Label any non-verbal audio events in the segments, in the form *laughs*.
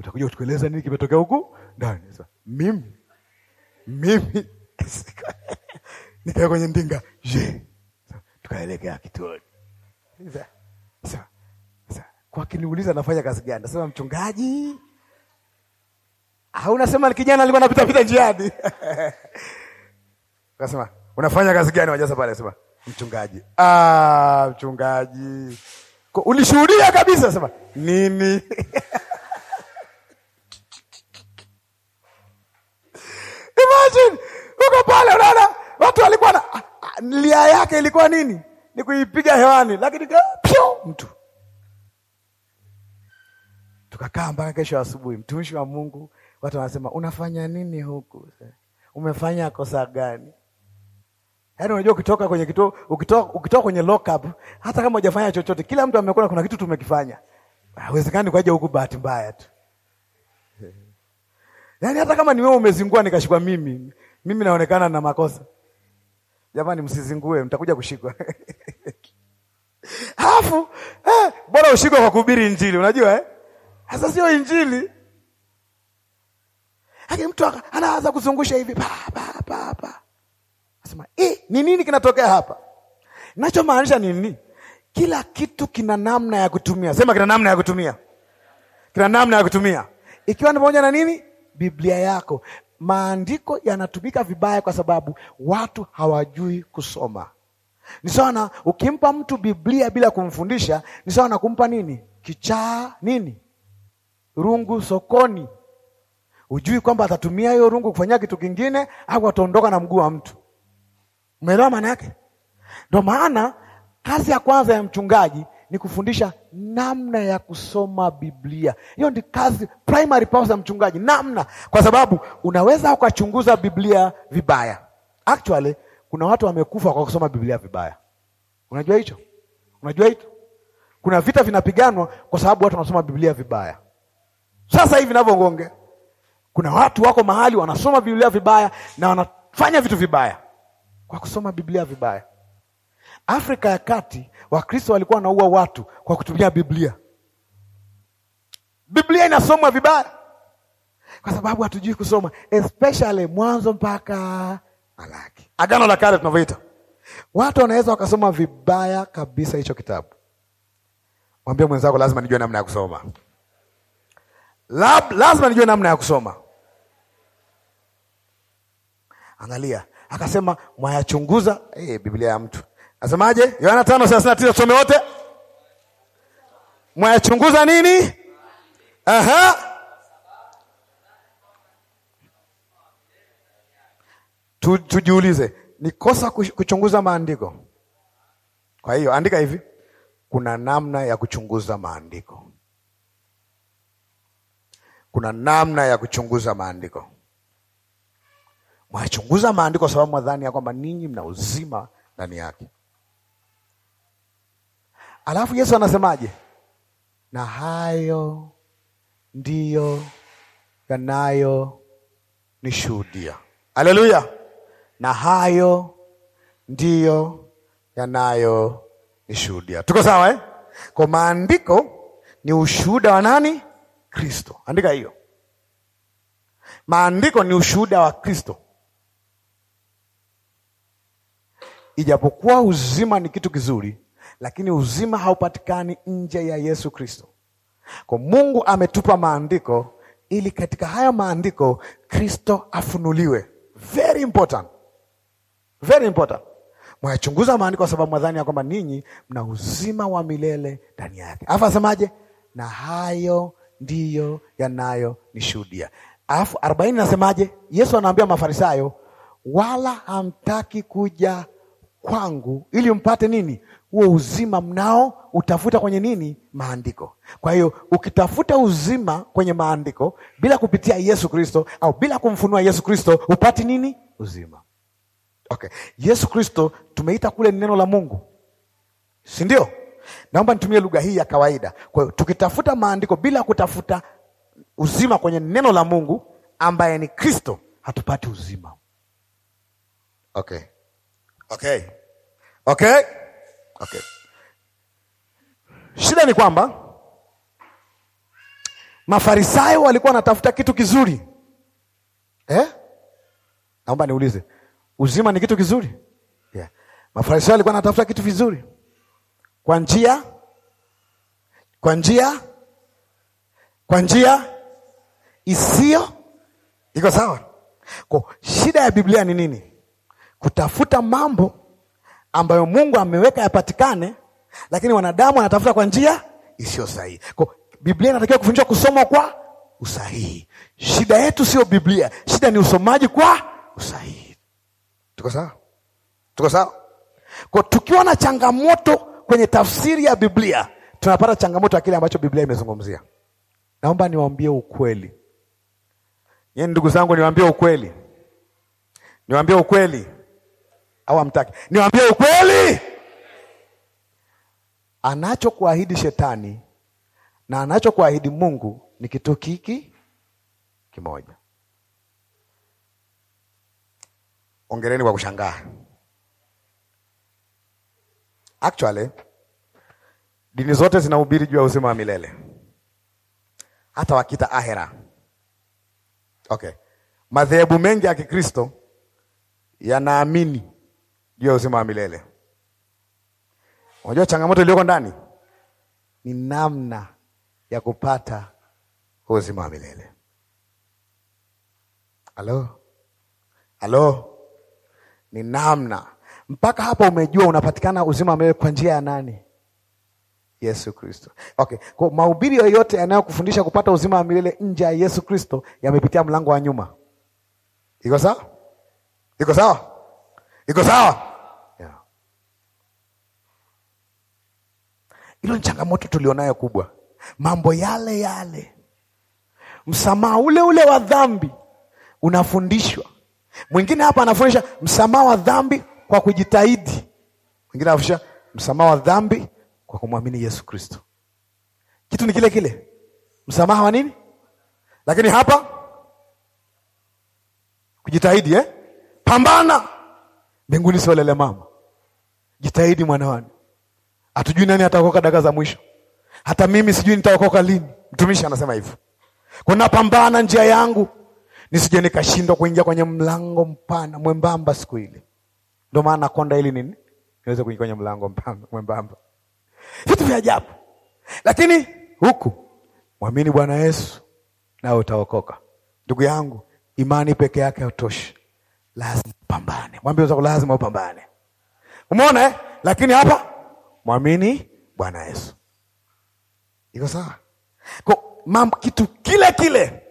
utakuja kutueleza nini kimetokea huku ndani. Sasa mimi mimi *laughs* nikaa kwenye ndinga, je, tukaelekea kituoni. Sasa kwa kiniuliza nafanya kazi gani, nasema mchungaji au nasema kijana alikuwa anapita pita njiani *laughs* kasema unafanya kazi gani? Wajaza pale sema mchungaji. Ah, mchungaji ulishuhudia kabisa, sema nini? *laughs* mtu alikuwa na lia yake ilikuwa nini? Ni kuipiga hewani, lakini pyo mtu. Tukakaa mpaka kesho asubuhi, mtumishi wa Mungu, watu wanasema unafanya nini huku? Umefanya kosa gani? Yaani unajua ukitoka kwenye kituo, ukitoka ukitoka kwenye lock up, hata kama hujafanya chochote, kila mtu amekuona kuna kitu tumekifanya. Haiwezekani kwaje huku bahati mbaya tu. Yaani hata kama ni wewe umezingua nikashikwa mimi, mimi naonekana na makosa. Jamani, msizingue, mtakuja kushikwa *laughs* Alafu eh, bora ushikwe kwa kuhubiri Injili, unajua eh? sio Injili lakini mtu anaanza kuzungusha hivi pa pa pa pa, asema eh, ni nini kinatokea hapa? nachomaanisha nini? Kila kitu kina namna ya kutumia. Sema kina namna ya kutumia, kina namna ya kutumia, ikiwa ni pamoja na nini? Biblia yako maandiko yanatumika vibaya kwa sababu watu hawajui kusoma. Ni sawa na ukimpa mtu Biblia bila kumfundisha, ni sawa na kumpa nini, kichaa nini, rungu sokoni. Hujui kwamba atatumia hiyo rungu kufanyia kitu kingine, au ataondoka na mguu wa mtu. Umeelewa maana yake? ndo maana kazi ya kwanza ya mchungaji ni kufundisha namna ya kusoma Biblia. Hiyo ndi kazi primary purpose za mchungaji, namna, kwa sababu unaweza ukachunguza Biblia vibaya. Actually kuna watu wamekufa kwa kusoma Biblia vibaya. Unajua hicho? Unajua hicho? Kuna vita vinapiganwa kwa sababu watu wanasoma Biblia vibaya. Sasa hivi navyongonge kuna watu wako mahali wanasoma Biblia vibaya na wanafanya vitu vibaya kwa kusoma Biblia vibaya. Afrika ya Kati Wakristo walikuwa wanaua watu kwa kutumia Biblia. Biblia inasomwa vibaya kwa sababu hatujui kusoma, especially Mwanzo mpaka Malaki, Agano la Kale tunavyoita. Watu wanaweza wakasoma vibaya kabisa hicho kitabu. Mwambie mwenzako, lazima nijue namna ya kusoma. Lab, lazima nijue namna ya kusoma. Angalia, akasema mwayachunguza. Hey, eh, Biblia ya mtu Nasemaje? Yohana 5:39 tusome wote. Mwayachunguza nini? Aha. Tu, tujiulize ni kosa kuchunguza maandiko? Kwa hiyo andika hivi, kuna namna ya kuchunguza maandiko, kuna namna ya kuchunguza maandiko. Mwachunguza maandiko sababu mwadhani ya kwamba ninyi mna uzima ndani yake. Alafu Yesu anasemaje? Na hayo ndiyo yanayo nishuhudia. Haleluya! Na hayo ndiyo yanayo nishuhudia. Tuko sawa eh? Kwa maandiko ni ushuhuda wa nani? Kristo. Andika hiyo, maandiko ni ushuhuda wa Kristo. Ijapokuwa uzima ni kitu kizuri lakini uzima haupatikani nje ya Yesu Kristo. Kwa Mungu ametupa maandiko ili katika haya maandiko Kristo afunuliwe. Very important. Very important. Mwayachunguza maandiko kwa sababu mwadhani ya kwamba ninyi mna uzima wa milele ndani yake. Alafu asemaje? Na hayo ndiyo yanayonishuhudia. Alafu arobaini nasemaje? Yesu anaambia Mafarisayo, wala hamtaki kuja kwangu ili mpate nini? huo uzima mnao utafuta kwenye nini? Maandiko. Kwa hiyo ukitafuta uzima kwenye maandiko bila kupitia Yesu Kristo au bila kumfunua Yesu Kristo upati nini? Uzima. Okay, Yesu Kristo tumeita kule ni neno la Mungu, si ndio? Naomba nitumie lugha hii ya kawaida. Kwa hiyo tukitafuta maandiko bila kutafuta uzima kwenye neno la Mungu ambaye ni Kristo, hatupati uzima. Okay, okay, okay. Okay. Shida ni kwamba Mafarisayo walikuwa wanatafuta kitu kizuri eh? Naomba niulize, uzima ni kitu kizuri yeah. Mafarisayo walikuwa wanatafuta kitu vizuri kwa njia kwa njia kwa njia isiyo iko sawa. Kwa shida ya Biblia ni nini? Kutafuta mambo ambayo Mungu ameweka yapatikane, lakini wanadamu wanatafuta kwa njia isiyo sahihi. Kwa Biblia inatakiwa kufundishwa kusoma kwa usahihi. Shida yetu sio Biblia, shida ni usomaji kwa usahihi. Tuko sawa? Tuko sawa? Kwa tukiwa na changamoto kwenye tafsiri ya Biblia, tunapata changamoto ya kile ambacho Biblia imezungumzia. Naomba niwaambie ukweli, yaani ndugu zangu, niwaambie ukweli, niwaambie ukweli au hamtaki? Niwaambie ukweli, anachokuahidi shetani na anachokuahidi Mungu ni kitu kiki kimoja. Ongereni kwa kushangaa. Actually, dini zote zinahubiri juu ya uzima wa milele, hata wakita ahera. Okay, madhehebu mengi ya Kikristo yanaamini ndio uzima wa milele. Unajua changamoto iliyoko ndani ni namna ya kupata uzima wa milele. Halo, halo, ni namna mpaka hapa umejua unapatikana uzima wa milele kwa njia ya nani? Yesu Kristo. Okay, kwa mahubiri yoyote yanayokufundisha kupata uzima wa milele nje ya Yesu Kristo yamepitia mlango wa nyuma. Iko sawa? Iko sawa? Iko sawa? Hilo ni changamoto tulionayo kubwa, mambo yale yale, msamaha ule ule wa dhambi unafundishwa. Mwingine hapa anafundisha msamaha wa dhambi kwa kujitahidi, mwingine anafundisha msamaha wa dhambi kwa kumwamini Yesu Kristo. Kitu ni kile kile, msamaha wa nini, lakini hapa kujitahidi eh? Pambana, mbinguni siolele mama. Jitahidi mwanawani Hatujui nani ataokoka dakika za mwisho. Hata mimi sijui nitaokoka lini. Mtumishi anasema hivyo. Kwa napambana njia yangu nisije nikashindwa kuingia kwenye mlango mpana mwembamba siku ile. Ndio maana konda ili nini? Niweze kuingia kwenye mlango mpana mwembamba. Vitu vya ajabu. Lakini huku mwamini Bwana Yesu na utaokoka. Ndugu yangu, imani peke yake hatoshi. Lazima upambane. Mwambie lazima upambane. Umeona eh? Lakini hapa mwamini Bwana Yesu. Iko sawa? Kwa kitu kile kile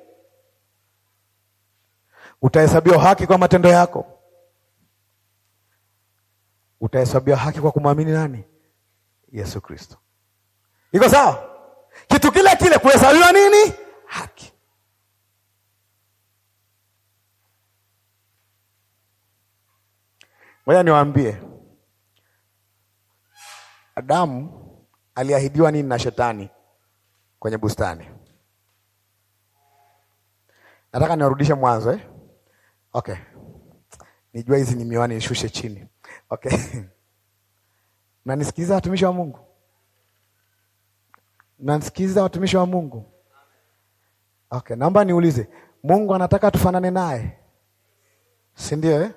utahesabiwa haki kwa matendo yako, utahesabiwa haki kwa kumwamini nani? Yesu Kristo. Iko sawa? Kitu kile kile kuhesabiwa nini? Haki. Ngoja niwaambie Adamu aliahidiwa nini na shetani kwenye bustani? Nataka niwarudishe mwanzo eh? Okay. Nijua hizi ni miwani ishushe chini. Okay. *laughs* Mnanisikiliza watumishi wa Mungu? Mnanisikiliza watumishi wa Mungu? Okay, naomba niulize, Mungu anataka tufanane naye, si ndio eh?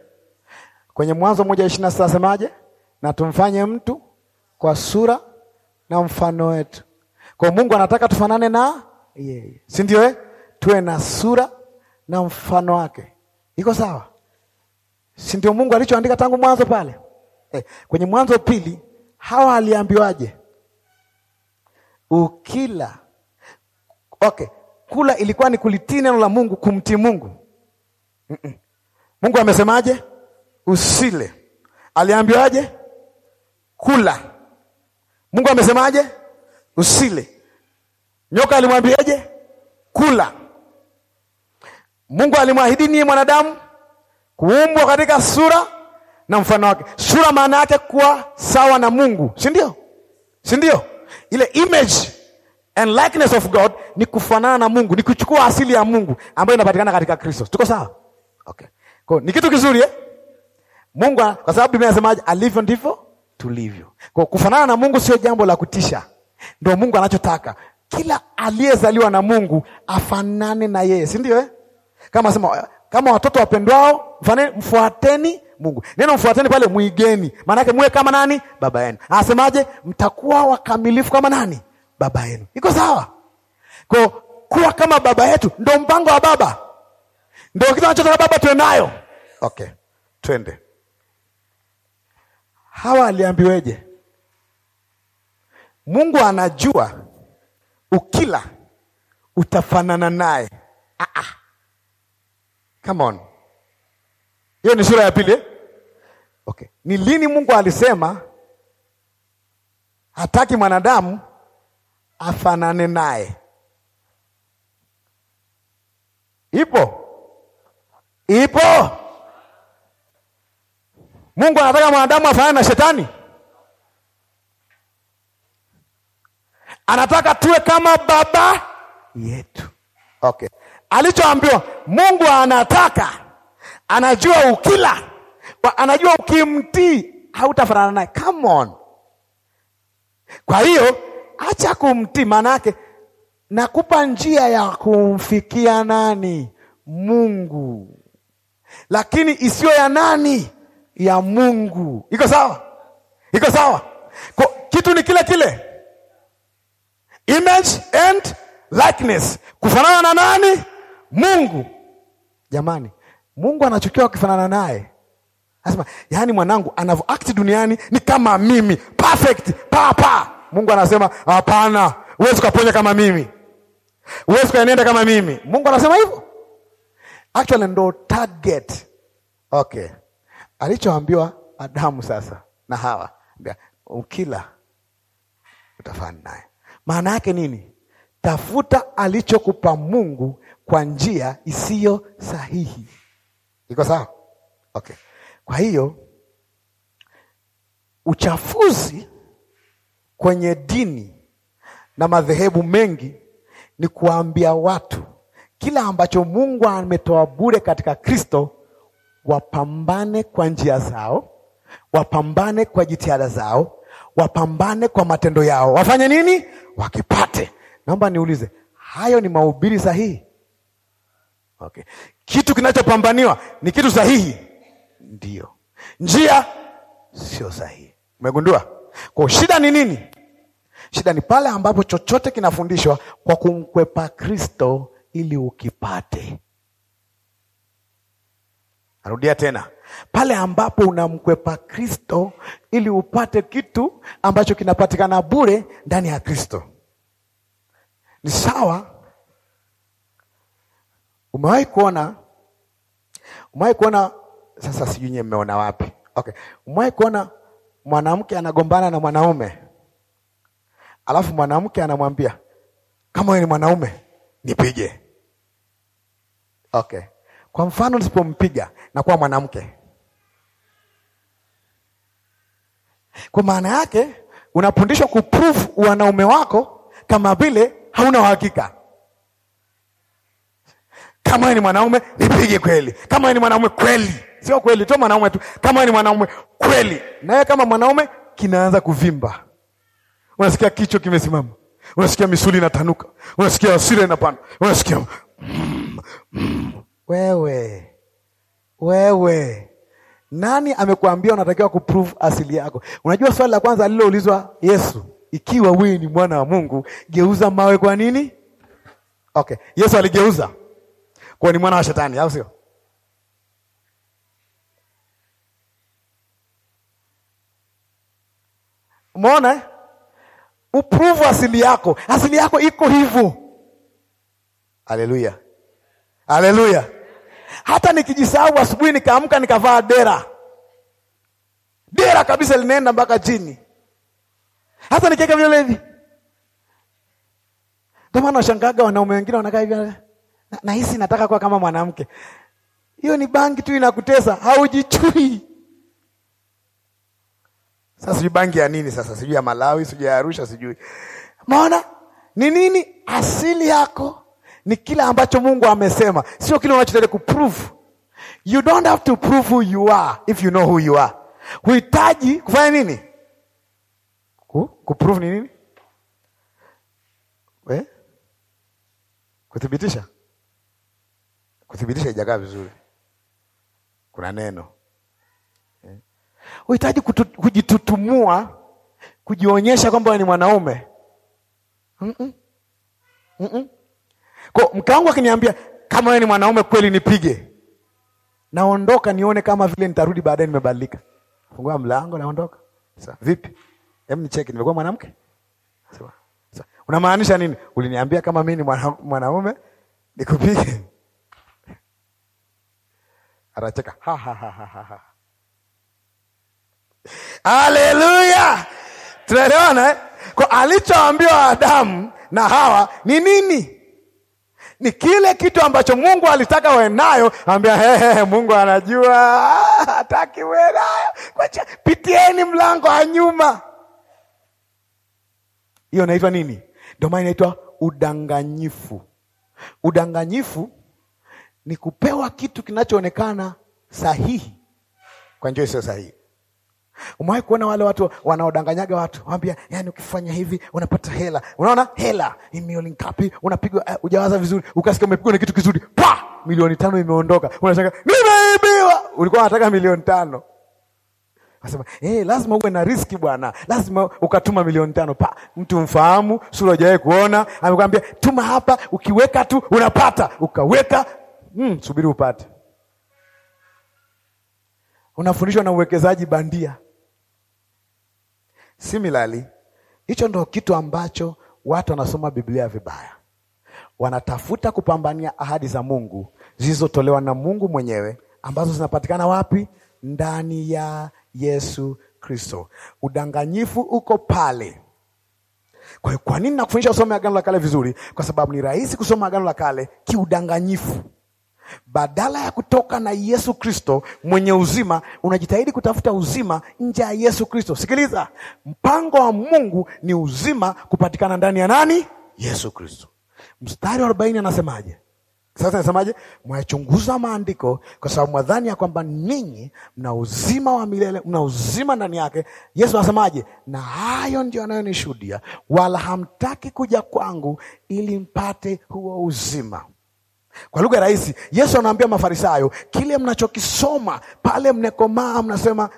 Kwenye Mwanzo moja ishirini na sita asemaje? Na tumfanye mtu kwa sura na mfano wetu. Kwa Mungu anataka tufanane na yeye, si ndio? Eh, tuwe na sura na mfano wake, iko sawa? Si ndio Mungu alichoandika tangu mwanzo pale eh, kwenye Mwanzo pili. Hawa aliambiwaje? Ukila okay. Kula ilikuwa ni kulitii neno la Mungu, kumtii Mungu. mm -mm. Mungu amesemaje? Usile. Aliambiwaje? Kula Mungu amesemaje? Usile. Nyoka alimwambiaje? Kula. Mungu alimwahidi ni mwanadamu kuumbwa katika sura na mfano wake. Sura maana yake kuwa sawa na Mungu, si ndio? Si ndio? Ile image and likeness of God ni kufanana na Mungu, ni kuchukua asili ya Mungu ambayo inapatikana katika Kristo. Tuko sawa? Okay. Kwa ni kitu kizuri eh? Mungu kwa sababu Biblia inasemaje? Alivyo ndivyo tulivyo. Kwa kufanana na Mungu sio jambo la kutisha, ndo Mungu anachotaka kila aliyezaliwa na Mungu afanane na yeye, si ndio eh? Kama sema kama watoto wapendwao, mfuateni Mungu. Neno mfuateni pale, mwigeni, maana yake muwe kama nani? Baba yenu. Anasemaje? mtakuwa wakamilifu kama nani? Baba yenu. Iko sawa? Kwa kuwa kama baba yetu, ndo mpango wa baba, ndo kitu anachotaka baba tuwe nayo. Okay, twende Hawa aliambiweje? Mungu anajua ukila utafanana naye. Ah ah. Come on. Hiyo ni sura ya pili eh? Okay. Ni lini Mungu alisema hataki mwanadamu afanane naye? Ipo, ipo. Mungu anataka mwanadamu afanane na shetani? Anataka tuwe kama baba yetu. Okay, alichoambiwa Mungu anataka, anajua ukila, anajua ukimtii hautafanana naye. Come on. Kwa hiyo acha kumtii, maana yake nakupa njia ya kumfikia nani? Mungu, lakini isiyo ya nani ya Mungu. Iko sawa? Iko sawa? Kwa, kitu ni kile kile, image and likeness, kufanana na nani? Mungu. Jamani, Mungu anachukia ukifanana naye. Anasema yaani, mwanangu act duniani ni kama mimi perfect, papa Mungu anasema hapana, huwezi ukaponya kama mimi, huwezi ukaenenda kama mimi. Mungu anasema hivyo, actually ndo target. Okay alichoambiwa Adamu sasa na Hawa, ukila utafani naye. Maana yake nini? Tafuta alichokupa Mungu kwa njia isiyo sahihi. Iko sawa? Okay. Kwa hiyo uchafuzi kwenye dini na madhehebu mengi ni kuambia watu kila ambacho Mungu ametoa bure katika Kristo wapambane kwa njia zao, wapambane kwa jitihada zao, wapambane kwa matendo yao. Wafanye nini? Wakipate. Naomba niulize, hayo ni mahubiri sahihi? Okay. Kitu kinachopambaniwa ni kitu sahihi? Ndio. Njia sio sahihi. Umegundua? Kwa shida ni nini? Shida ni pale ambapo chochote kinafundishwa kwa kumkwepa Kristo ili ukipate. Narudia tena, pale ambapo unamkwepa Kristo ili upate kitu ambacho kinapatikana bure ndani ya Kristo. Ni sawa. Umewahi kuona, umewahi kuona sasa, sijui nyewe mmeona wapi? Okay, umewahi kuona mwanamke anagombana na mwanaume alafu mwanamke anamwambia kama wewe ni mwanaume nipige. Okay, kwa mfano, nisipompiga na mwanamke, kwa maana yake unafundishwa kuprove wanaume wako kama vile hauna uhakika. Kama ni mwanaume nipige kweli, kama ni mwanaume kweli, sio kweli tu mwanaume tu, kama ni mwanaume kweli, naye kama mwanaume kinaanza kuvimba, unasikia kichwa kimesimama, unasikia misuli inatanuka, unasikia hasira inapanda, unasikia mm, mm. Wewe wewe, nani amekuambia unatakiwa kuprove asili yako? Unajua swali la kwanza aliloulizwa Yesu, ikiwa wewe ni mwana wa Mungu, geuza mawe. Kwa nini? Okay, Yesu aligeuza kwa ni mwana wa Shetani, au sio? Umeona, eh? uprove asili yako. Asili yako iko hivyo. Haleluya, haleluya. Hata nikijisahau asubuhi nikaamka nikavaa dera dera kabisa linaenda mpaka chini, hata nikiweka vile hivi. Ndio maana washangaga wanaume wengine wanakaa hivi, nahisi na nataka kuwa kama mwanamke. Hiyo ni bangi tu inakutesa, haujichui. Sasa sijui bangi ya nini, sasa sijui ya Malawi, sijui ya Arusha, sijui maona ni nini asili yako ni kile ambacho Mungu amesema, sio kile unachotaka kuprove. You don't have to prove who you are if you know who you are. Huhitaji kufanya nini? Kuprove ni nini? We? Kuthibitisha, kuthibitisha ijakaa vizuri, kuna neno eh? huhitaji kujitutumua, kujionyesha kwamba ni mwanaume. Mm -mm. Mm -mm. Kwa mke wangu akiniambia kama wewe ni mwanaume kweli nipige, naondoka nione kama vile nitarudi baadaye nimebadilika. Fungua mlango naondoka. Sasa vipi? Hem, nicheki nimekuwa mwanamke? Sawa. Sasa unamaanisha nini? Uliniambia kama mimi ni mwanaume nikupige. *laughs* Aracheka Ha ha ha ha ha. Haleluya. Tunaelewana eh? Kwa alichoambiwa Adamu na Hawa ni nini? ni kile kitu ambacho Mungu alitaka wenayo nayo. Ambia hey, hey, Mungu anajua *laughs* hataki uwe nayo. Pitieni mlango wa nyuma, hiyo inaitwa nini? Ndio maana inaitwa udanganyifu. Udanganyifu ni kupewa kitu kinachoonekana sahihi kwa njia isiyo sahihi. Umewahi kuona wale watu wanaodanganyaga watu, wambia yani, ukifanya hivi unapata hela, unaona hela milioni ngapi, unapigwa uh, eh, ujawaza vizuri, ukasikia umepigwa na kitu kizuri, pa milioni tano imeondoka, unashanga nimeibiwa. Ulikuwa unataka milioni tano Asema, hey, eh, lazima uwe na riski bwana, lazima ukatuma milioni tano pa mtu mfahamu, sura hujawahi kuona, amekwambia tuma hapa, ukiweka tu unapata, ukaweka mm, subiri upate. Unafundishwa na uwekezaji bandia. Similarly, hicho ndo kitu ambacho watu wanasoma Biblia vibaya. Wanatafuta kupambania ahadi za Mungu zilizotolewa na Mungu mwenyewe ambazo zinapatikana wapi? Ndani ya Yesu Kristo. Udanganyifu uko pale. Kwa hiyo, kwa nini nakufundisha usome Agano la Kale vizuri? Kwa sababu ni rahisi kusoma Agano la Kale kiudanganyifu. Badala ya kutoka na Yesu Kristo mwenye uzima, unajitahidi kutafuta uzima nje ya Yesu Kristo. Sikiliza, mpango wa Mungu ni uzima kupatikana ndani ya nani? Yesu Kristo. Mstari wa arobaini anasemaje? Sasa nasemaje? Mwachunguza maandiko kwa sababu mwadhani ya kwamba ninyi mna uzima wa milele, mna uzima ndani yake. Yesu anasemaje? Na hayo ndio anayonishuhudia, wala hamtaki kuja kwangu ili mpate huo uzima. Kwa lugha rahisi, Yesu anaambia Mafarisayo, kile mnachokisoma pale mnekomaa, mnasema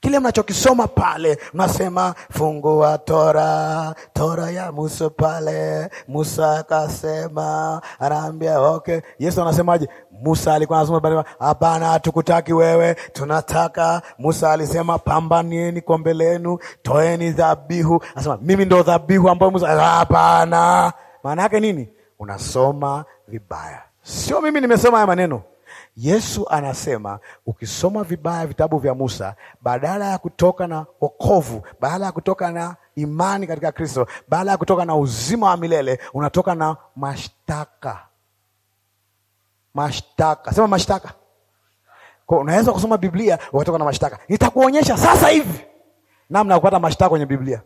kile mnachokisoma pale mnasema, fungua Tora, Tora ya Musa pale Musa akasema, anaambia okay. Yesu anasemaje? Musa alikuwa anasema, hapana, hatukutaki wewe, tunataka Musa alisema, pambanieni kombe lenu, toeni dhabihu. Anasema mimi ndo dhabihu ambayo Musa, hapana. Maana yake nini? unasoma vibaya. Sio mimi nimesema haya maneno. Yesu anasema ukisoma vibaya vitabu vya Musa, badala ya kutoka na wokovu, badala ya kutoka na imani katika Kristo, badala ya kutoka na uzima wa milele, unatoka na mashtaka. Mashtaka, sema mashtaka. Kwa unaweza kusoma Biblia ukatoka na mashtaka. Nitakuonyesha sasa hivi namna ya kupata mashtaka kwenye Biblia.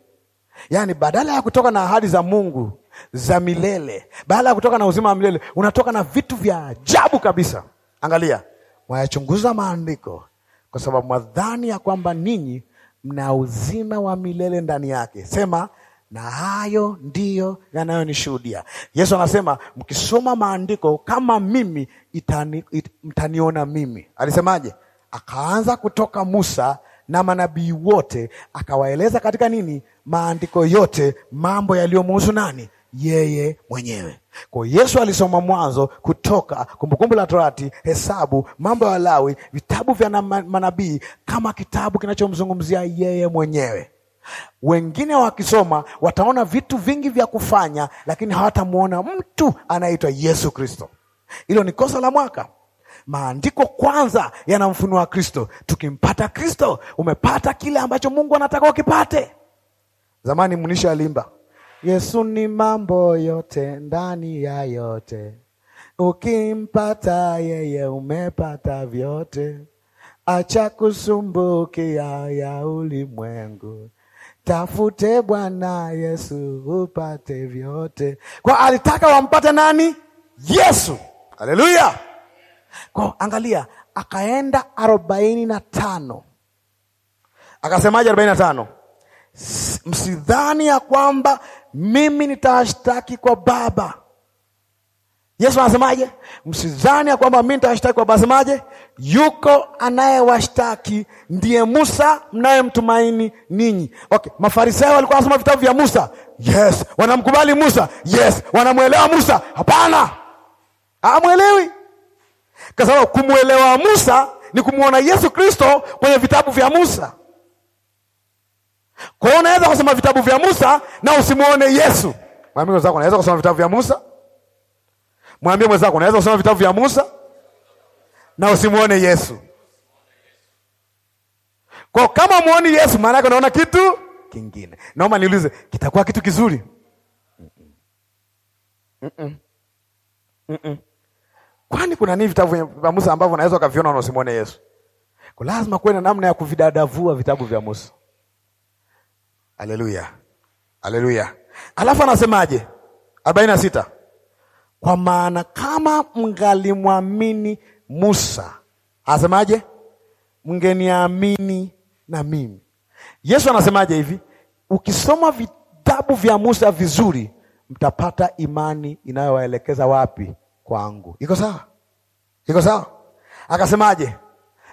Yaani, badala ya kutoka na ahadi za Mungu za milele. Baada ya kutoka na uzima wa milele, unatoka na vitu vya ajabu kabisa. Angalia, mwayachunguza maandiko kwa sababu mwadhani ya kwamba ninyi mna uzima wa milele ndani yake. Sema, na hayo ndiyo yanayonishuhudia. Yesu anasema mkisoma maandiko kama mimi itani, it, mtaniona mimi. Alisemaje? Akaanza kutoka Musa na manabii wote, akawaeleza katika nini maandiko yote mambo yaliyomuhusu nani yeye mwenyewe. Kwa Yesu alisoma Mwanzo, Kutoka, Kumbukumbu la Torati, Hesabu, Mambo ya Walawi, vitabu vya manabii kama kitabu kinachomzungumzia yeye mwenyewe. Wengine wakisoma wataona vitu vingi vya kufanya, lakini hawatamwona mtu anayeitwa Yesu Kristo. Hilo ni kosa la mwaka. Maandiko kwanza yanamfunua Kristo. Tukimpata Kristo, umepata kile ambacho Mungu anataka ukipate. Zamani Mnisha alimba Yesu ni mambo yote, ndani ya yote. Ukimpata yeye umepata vyote. Acha kusumbukia ya ulimwengu, tafute Bwana Yesu upate vyote. Kwa alitaka wampate nani? Yesu. Haleluya! Kwa angalia, akaenda arobaini na tano. Akasemaje arobaini na tano? Msidhani ya kwamba mimi nitawashtaki kwa Baba. Yesu anasemaje? Msidhani ya kwamba mimi nitawashtaki kwa Baba. Asemaje? Yuko anayewashtaki ndiye Musa mnayemtumaini ninyi. Okay, Mafarisayo walikuwa wanasoma vitabu vya Musa. Yes, wanamkubali Musa. Yes, wanamwelewa Musa. Hapana, hamwelewi, kwa sababu kumwelewa Musa ni kumwona Yesu Kristo kwenye vitabu vya Musa. Kwa hiyo unaweza kusoma vitabu vya Musa na usimuone Yesu. Mwambie mwenzako unaweza kusoma vitabu vya Musa. Mwambie mwenzako unaweza kusoma vitabu vya Musa na usimuone Yesu. Kwa kama muoni Yesu maana yake unaona kitu kingine. Naomba niulize, kitakuwa kitu kizuri? Mm -mm. Mm -mm. Kwani kuna nini vitabu vya Musa ambavyo unaweza ukaviona na usimwone Yesu? Kwa lazima kuwe na namna ya kuvidadavua vitabu vya Musa. Haleluya, haleluya. Alafu anasemaje? arobaini na sita, kwa maana kama mngalimwamini Musa, anasemaje? Mngeniamini na mimi. Yesu anasemaje hivi, ukisoma vitabu vya Musa vizuri, mtapata imani inayowaelekeza wapi? Kwangu. Iko sawa? Iko sawa? Akasemaje?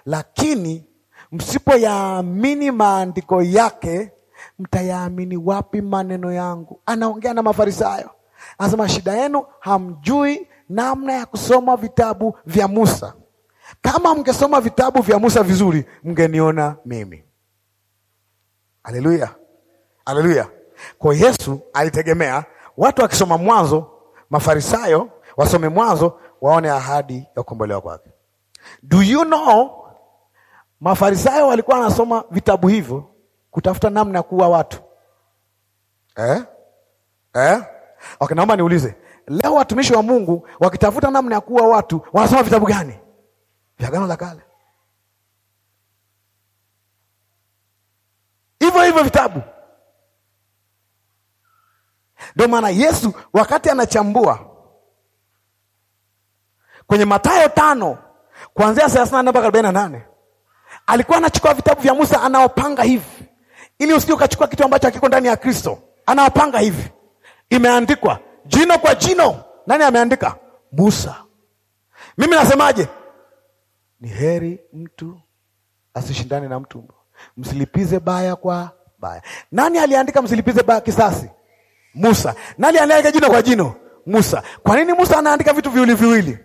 Lakini msipoyaamini maandiko yake mtayaamini wapi maneno yangu? Anaongea na Mafarisayo, anasema shida yenu hamjui namna ya kusoma vitabu vya Musa. Kama mngesoma vitabu vya Musa vizuri, mngeniona mimi. Aleluya, aleluya Kwa Yesu alitegemea watu wakisoma Mwanzo, Mafarisayo wasome Mwanzo waone ahadi ya kukombolewa kwake. Do you know Mafarisayo walikuwa wanasoma vitabu hivyo kutafuta namna ya kuua watu eh? Eh? Okay, naomba niulize leo, watumishi wa Mungu wakitafuta namna ya kuua watu wanasoma vitabu gani vya Agano la Kale? Hivyo hivyo vitabu. Ndio maana Yesu wakati anachambua kwenye Mathayo tano kuanzia thelathini na mpaka arobaini na nane alikuwa anachukua vitabu vya Musa anaopanga hivi ili usije ukachukua kitu ambacho hakiko ndani ya Kristo. Anawapanga hivi, imeandikwa jino kwa jino. Nani ameandika? Musa. Mimi nasemaje? Ni heri mtu asishindane na mtu, msilipize baya kwa baya. Nani aliandika msilipize baya kisasi? Musa. Nani aliandika jino kwa jino? Musa. Kwa nini Musa anaandika vitu viwili viwili?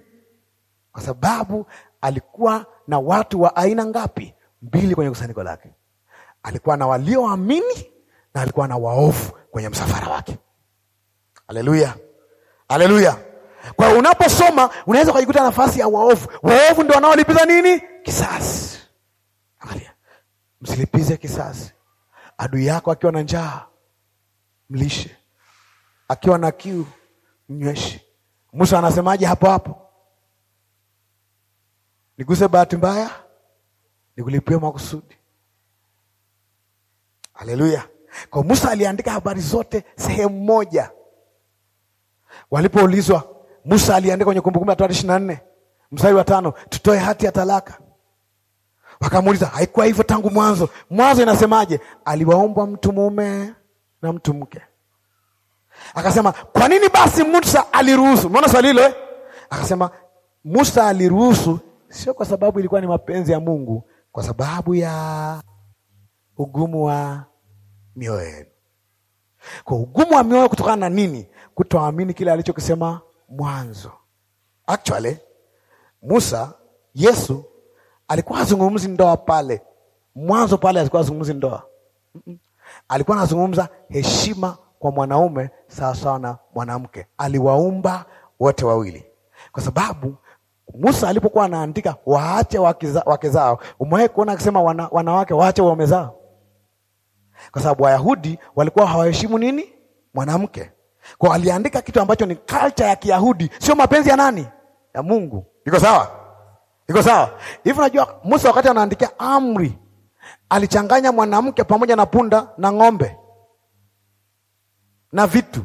Kwa sababu alikuwa na watu wa aina ngapi? Mbili kwenye kusanyiko lake. Alikuwa na walioamini na alikuwa na waovu kwenye msafara wake. Haleluya, haleluya. Kwa hiyo unaposoma unaweza ukajikuta nafasi ya waovu. Waovu ndio wanaolipiza nini? Kisasi. Angalia, msilipize kisasi. Adui yako akiwa na njaa mlishe, akiwa na kiu mnyweshe. Musa anasemaje hapo hapo? Niguse bahati mbaya, nikulipie makusudi Haleluya! Kwa Musa aliandika habari zote sehemu moja. Walipoulizwa, Musa aliandika kwenye Kumbukumbu la Torati ishirini na nne mstari wa tano tutoe hati ya talaka. Wakamuuliza, haikuwa hivyo tangu mwanzo? Mwanzo inasemaje? Aliwaombwa mtu mume na mtu mke. Akasema, kwa nini basi Musa aliruhusu? Umeona swali hilo eh? Akasema Musa aliruhusu sio kwa sababu ilikuwa ni mapenzi ya Mungu, kwa sababu ya ugumu wa mioyo yenu. Kwa ugumu wa mioyo kutokana na nini? Kutoamini kile alichokisema mwanzo. Actually, Musa, Yesu alikuwa azungumzi ndoa pale mwanzo, pale alikuwa azungumzi ndoa mm -mm. Alikuwa anazungumza heshima kwa mwanaume sawasawa na mwanamke, aliwaumba wote wawili, kwa sababu Musa alipokuwa anaandika waache wake zao, umewahi kuona akisema wana, wanawake waache waume zao? kwa sababu Wayahudi walikuwa hawaheshimu nini mwanamke, kwa aliandika kitu ambacho ni culture ya Kiyahudi, sio mapenzi ya nani ya Mungu. Iko sawa? Iko sawa hivi. Unajua Musa wakati anaandikia amri alichanganya mwanamke pamoja na punda na ng'ombe na vitu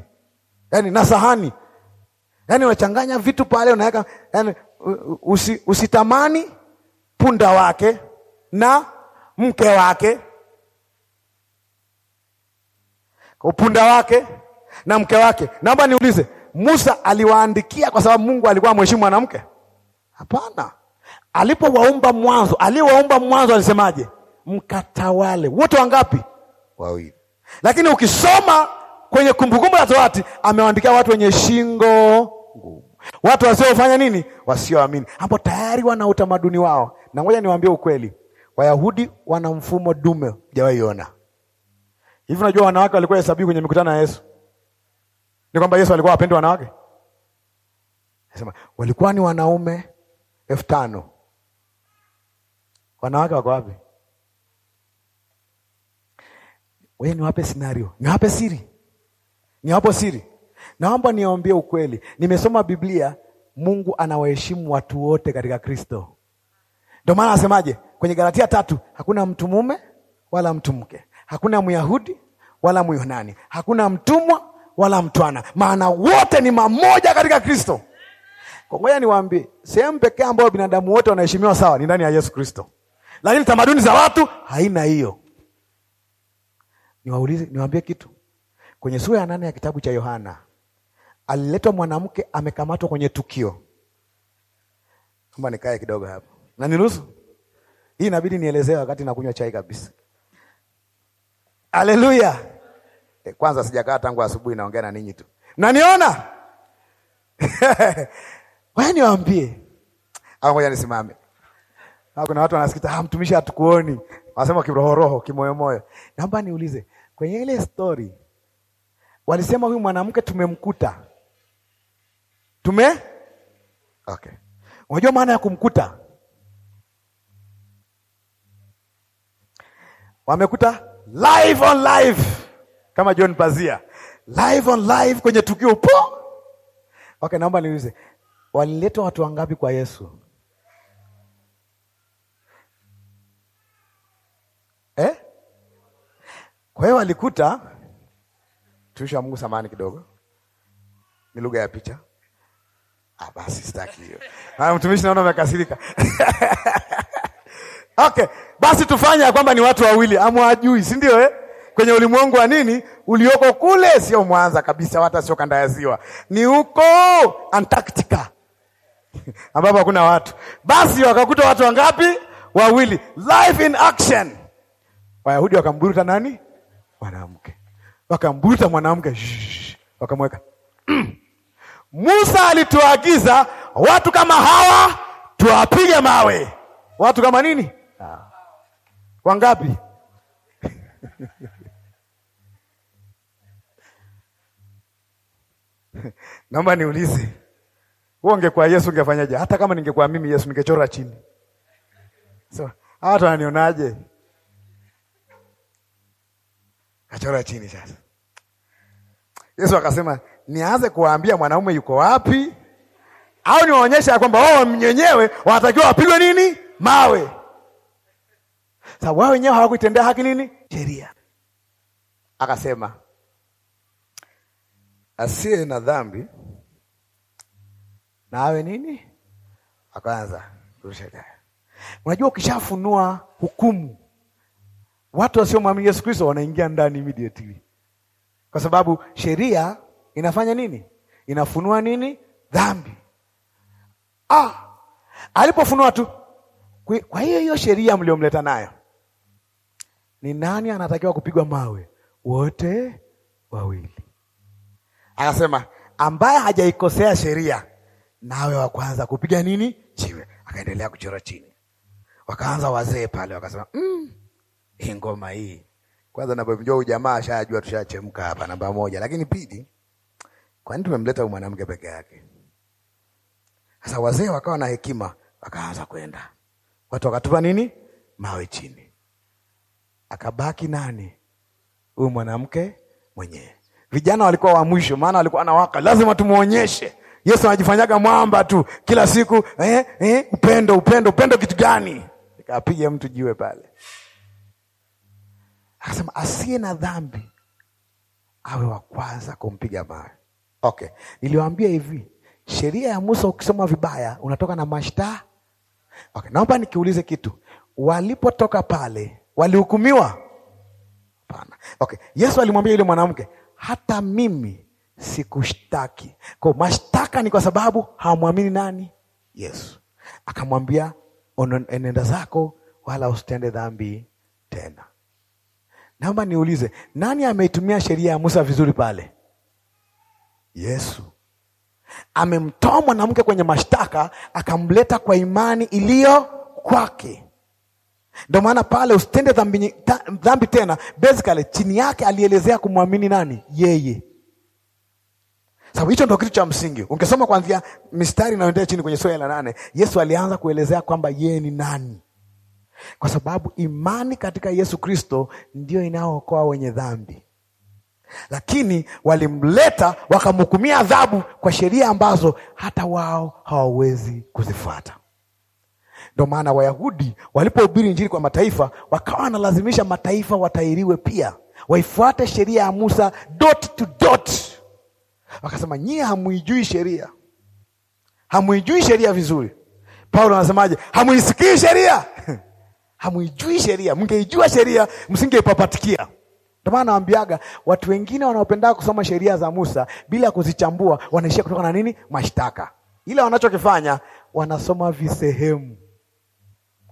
yani, na sahani yani, unachanganya vitu pale unaweka yani, usi, usitamani punda wake na mke wake upunda wake na mke wake. Naomba niulize, Musa aliwaandikia kwa sababu Mungu alikuwa mheshimu mwanamke? Hapana. Alipowaumba mwanzo, aliyewaumba mwanzo alisemaje? Mkatawale wote wangapi? Wawili. Lakini ukisoma kwenye Kumbukumbu la Torati amewaandikia watu wenye shingo ngumu, watu wasiofanya nini, wasioamini, ambao tayari wana utamaduni wao. Na ngoja niwaambie ukweli, Wayahudi wana mfumo dume, hujawahi ona Hivi unajua wanawake walikuwa hesabiwi kwenye mikutano ya Yesu? Ni kwamba Yesu alikuwa apende wanawake? Anasema walikuwa ni wanaume elfu tano. Wanawake wako wapi? Wewe niwape scenario, niwape siri. Niwapo siri. Naomba niwaambie ukweli. Nimesoma Biblia, Mungu anawaheshimu watu wote katika Kristo. Ndio maana anasemaje? Kwenye Galatia tatu hakuna mtu mume wala mtu mke. Hakuna Myahudi wala Myunani, hakuna mtumwa wala mtwana, maana wote ni mamoja katika Kristo. Ngoja niwaambie, sehemu pekee ambayo binadamu wote wanaheshimiwa sawa ni ndani ya Yesu Kristo, lakini tamaduni za watu haina hiyo. Niwaulize, niwaambie kitu. Kwenye sura ya nane ya kitabu cha Yohana aliletwa mwanamke amekamatwa kwenye tukio. Kamba nikae kidogo hapo na hii, inabidi nielezee wakati nakunywa chai kabisa. Haleluya! E, kwanza sijakaa tangu asubuhi naongea na ninyi tu, mnaniona? *laughs* Wewe niwaambie au ngoja nisimame. Kuna watu wanasikita, ah, mtumishi hatukuoni, wanasema kirohoroho, kimoyomoyo. Naomba niulize, kwenye ile stori walisema huyu mwanamke tumemkuta, tume okay. Unajua maana ya kumkuta? Wamekuta live on live kama John Pazia, live on live kwenye tukio po. Okay, naomba niulize, walileta watu wangapi kwa Yesu eh? Kwa hiyo walikuta wa Mungu, samani kidogo, ni lugha ya picha. Ah, basi sitaki hiyo. Ah, mtumishi, naona umekasirika *laughs* Okay, basi tufanye ya kwamba ni watu wawili, amwajui, si ndio eh? Kwenye ulimwengu wa nini ulioko kule, sio Mwanza kabisa, hata sio kanda ya ziwa, ni huko Antarctica *laughs* ambapo hakuna watu. Basi wakakuta watu wangapi? Wawili. Life in action. Wayahudi wakamburuta nani? Mwanamke wakamburuta mwanamke, wakamweka *clears throat* Musa alituagiza watu kama hawa tuwapige mawe. Watu kama nini? Wangapi? *laughs* Naomba niulize, wewe ungekuwa Yesu ungefanyaje? Hata kama ningekuwa mimi Yesu ningechora chini. So, hata watu Achora chini sasa. Yesu akasema, nianze kuwaambia mwanaume yuko wapi au niwaonyesha ya kwamba wao wenyewe wanatakiwa wapigwe nini? Mawe sababu wao wenyewe hawakuitendea haki nini sheria. Akasema asiye na dhambi na awe nini, akaanza kurusha Unajua, ukishafunua hukumu, watu wasiomwamini Yesu Kristo wanaingia ndani immediately, kwa sababu sheria inafanya nini? Inafunua nini? Dhambi. Ah, alipofunua tu. Kwa hiyo hiyo sheria mliomleta nayo ni nani anatakiwa kupigwa mawe? Wote wawili. Akasema ambaye hajaikosea sheria, nawe wa kwanza kupiga nini? Jiwe. Akaendelea kuchora chini. Wakaanza wazee pale wakasema, mm, hii ngoma hii kwanza, navyomjua huyu jamaa ashajua tushachemka hapa, namba moja. Lakini pili, kwa tumemleta huyu mwanamke peke yake? Sasa wazee wakawa na hekima, wakaanza kwenda, watu wakatupa nini mawe chini akabaki nani? Huyu mwanamke mwenyewe. Vijana walikuwa wa mwisho, maana walikuwa anawaka, lazima tumuonyeshe Yesu. Anajifanyaga mwamba tu kila siku eh, eh, upendo upendo upendo, kitu gani? Nikapiga mtu jiwe pale, akasema asiye na dhambi awe wa kwanza kumpiga mawe. Okay, niliwaambia hivi, sheria ya Musa ukisoma vibaya unatoka na mashtaka. Okay, naomba nikiulize kitu, walipotoka pale walihukumiwa? Hapana. Okay. Yesu alimwambia yule mwanamke, hata mimi sikushtaki. Kwa mashtaka ni kwa sababu hamwamini nani? Yesu. Akamwambia enenda zako, wala usitende dhambi tena. Naomba niulize, nani ameitumia sheria ya Musa vizuri pale? Yesu amemtoa mwanamke kwenye mashtaka, akamleta kwa imani iliyo kwake. Ndio maana pale usitende dhambi, dhambi tena, basically chini yake alielezea kumwamini nani? Yeye. Sababu hicho ndio kitu cha msingi. Ungesoma kuanzia mistari inayoendea chini kwenye sura ya nane, Yesu alianza kuelezea kwamba yeye ni nani, kwa sababu imani katika Yesu Kristo ndio inaookoa wenye dhambi, lakini walimleta wakamhukumia adhabu kwa sheria ambazo hata wao hawawezi kuzifuata. Ndio maana Wayahudi walipohubiri Injili kwa mataifa, wakawa wanalazimisha mataifa watairiwe pia, waifuate sheria ya Musa dot to dot. Wakasema nyie hamuijui sheria, hamuijui sheria vizuri. Paulo anasemaje? Hamuisikii sheria *laughs* hamuijui sheria. Mngeijua sheria, msingeipapatikia. Ndio maana nawaambiaga watu wengine wanaopenda kusoma sheria za Musa bila ya kuzichambua, wanaishia kutoka na nini? Mashtaka. Ila wanachokifanya wanasoma visehemu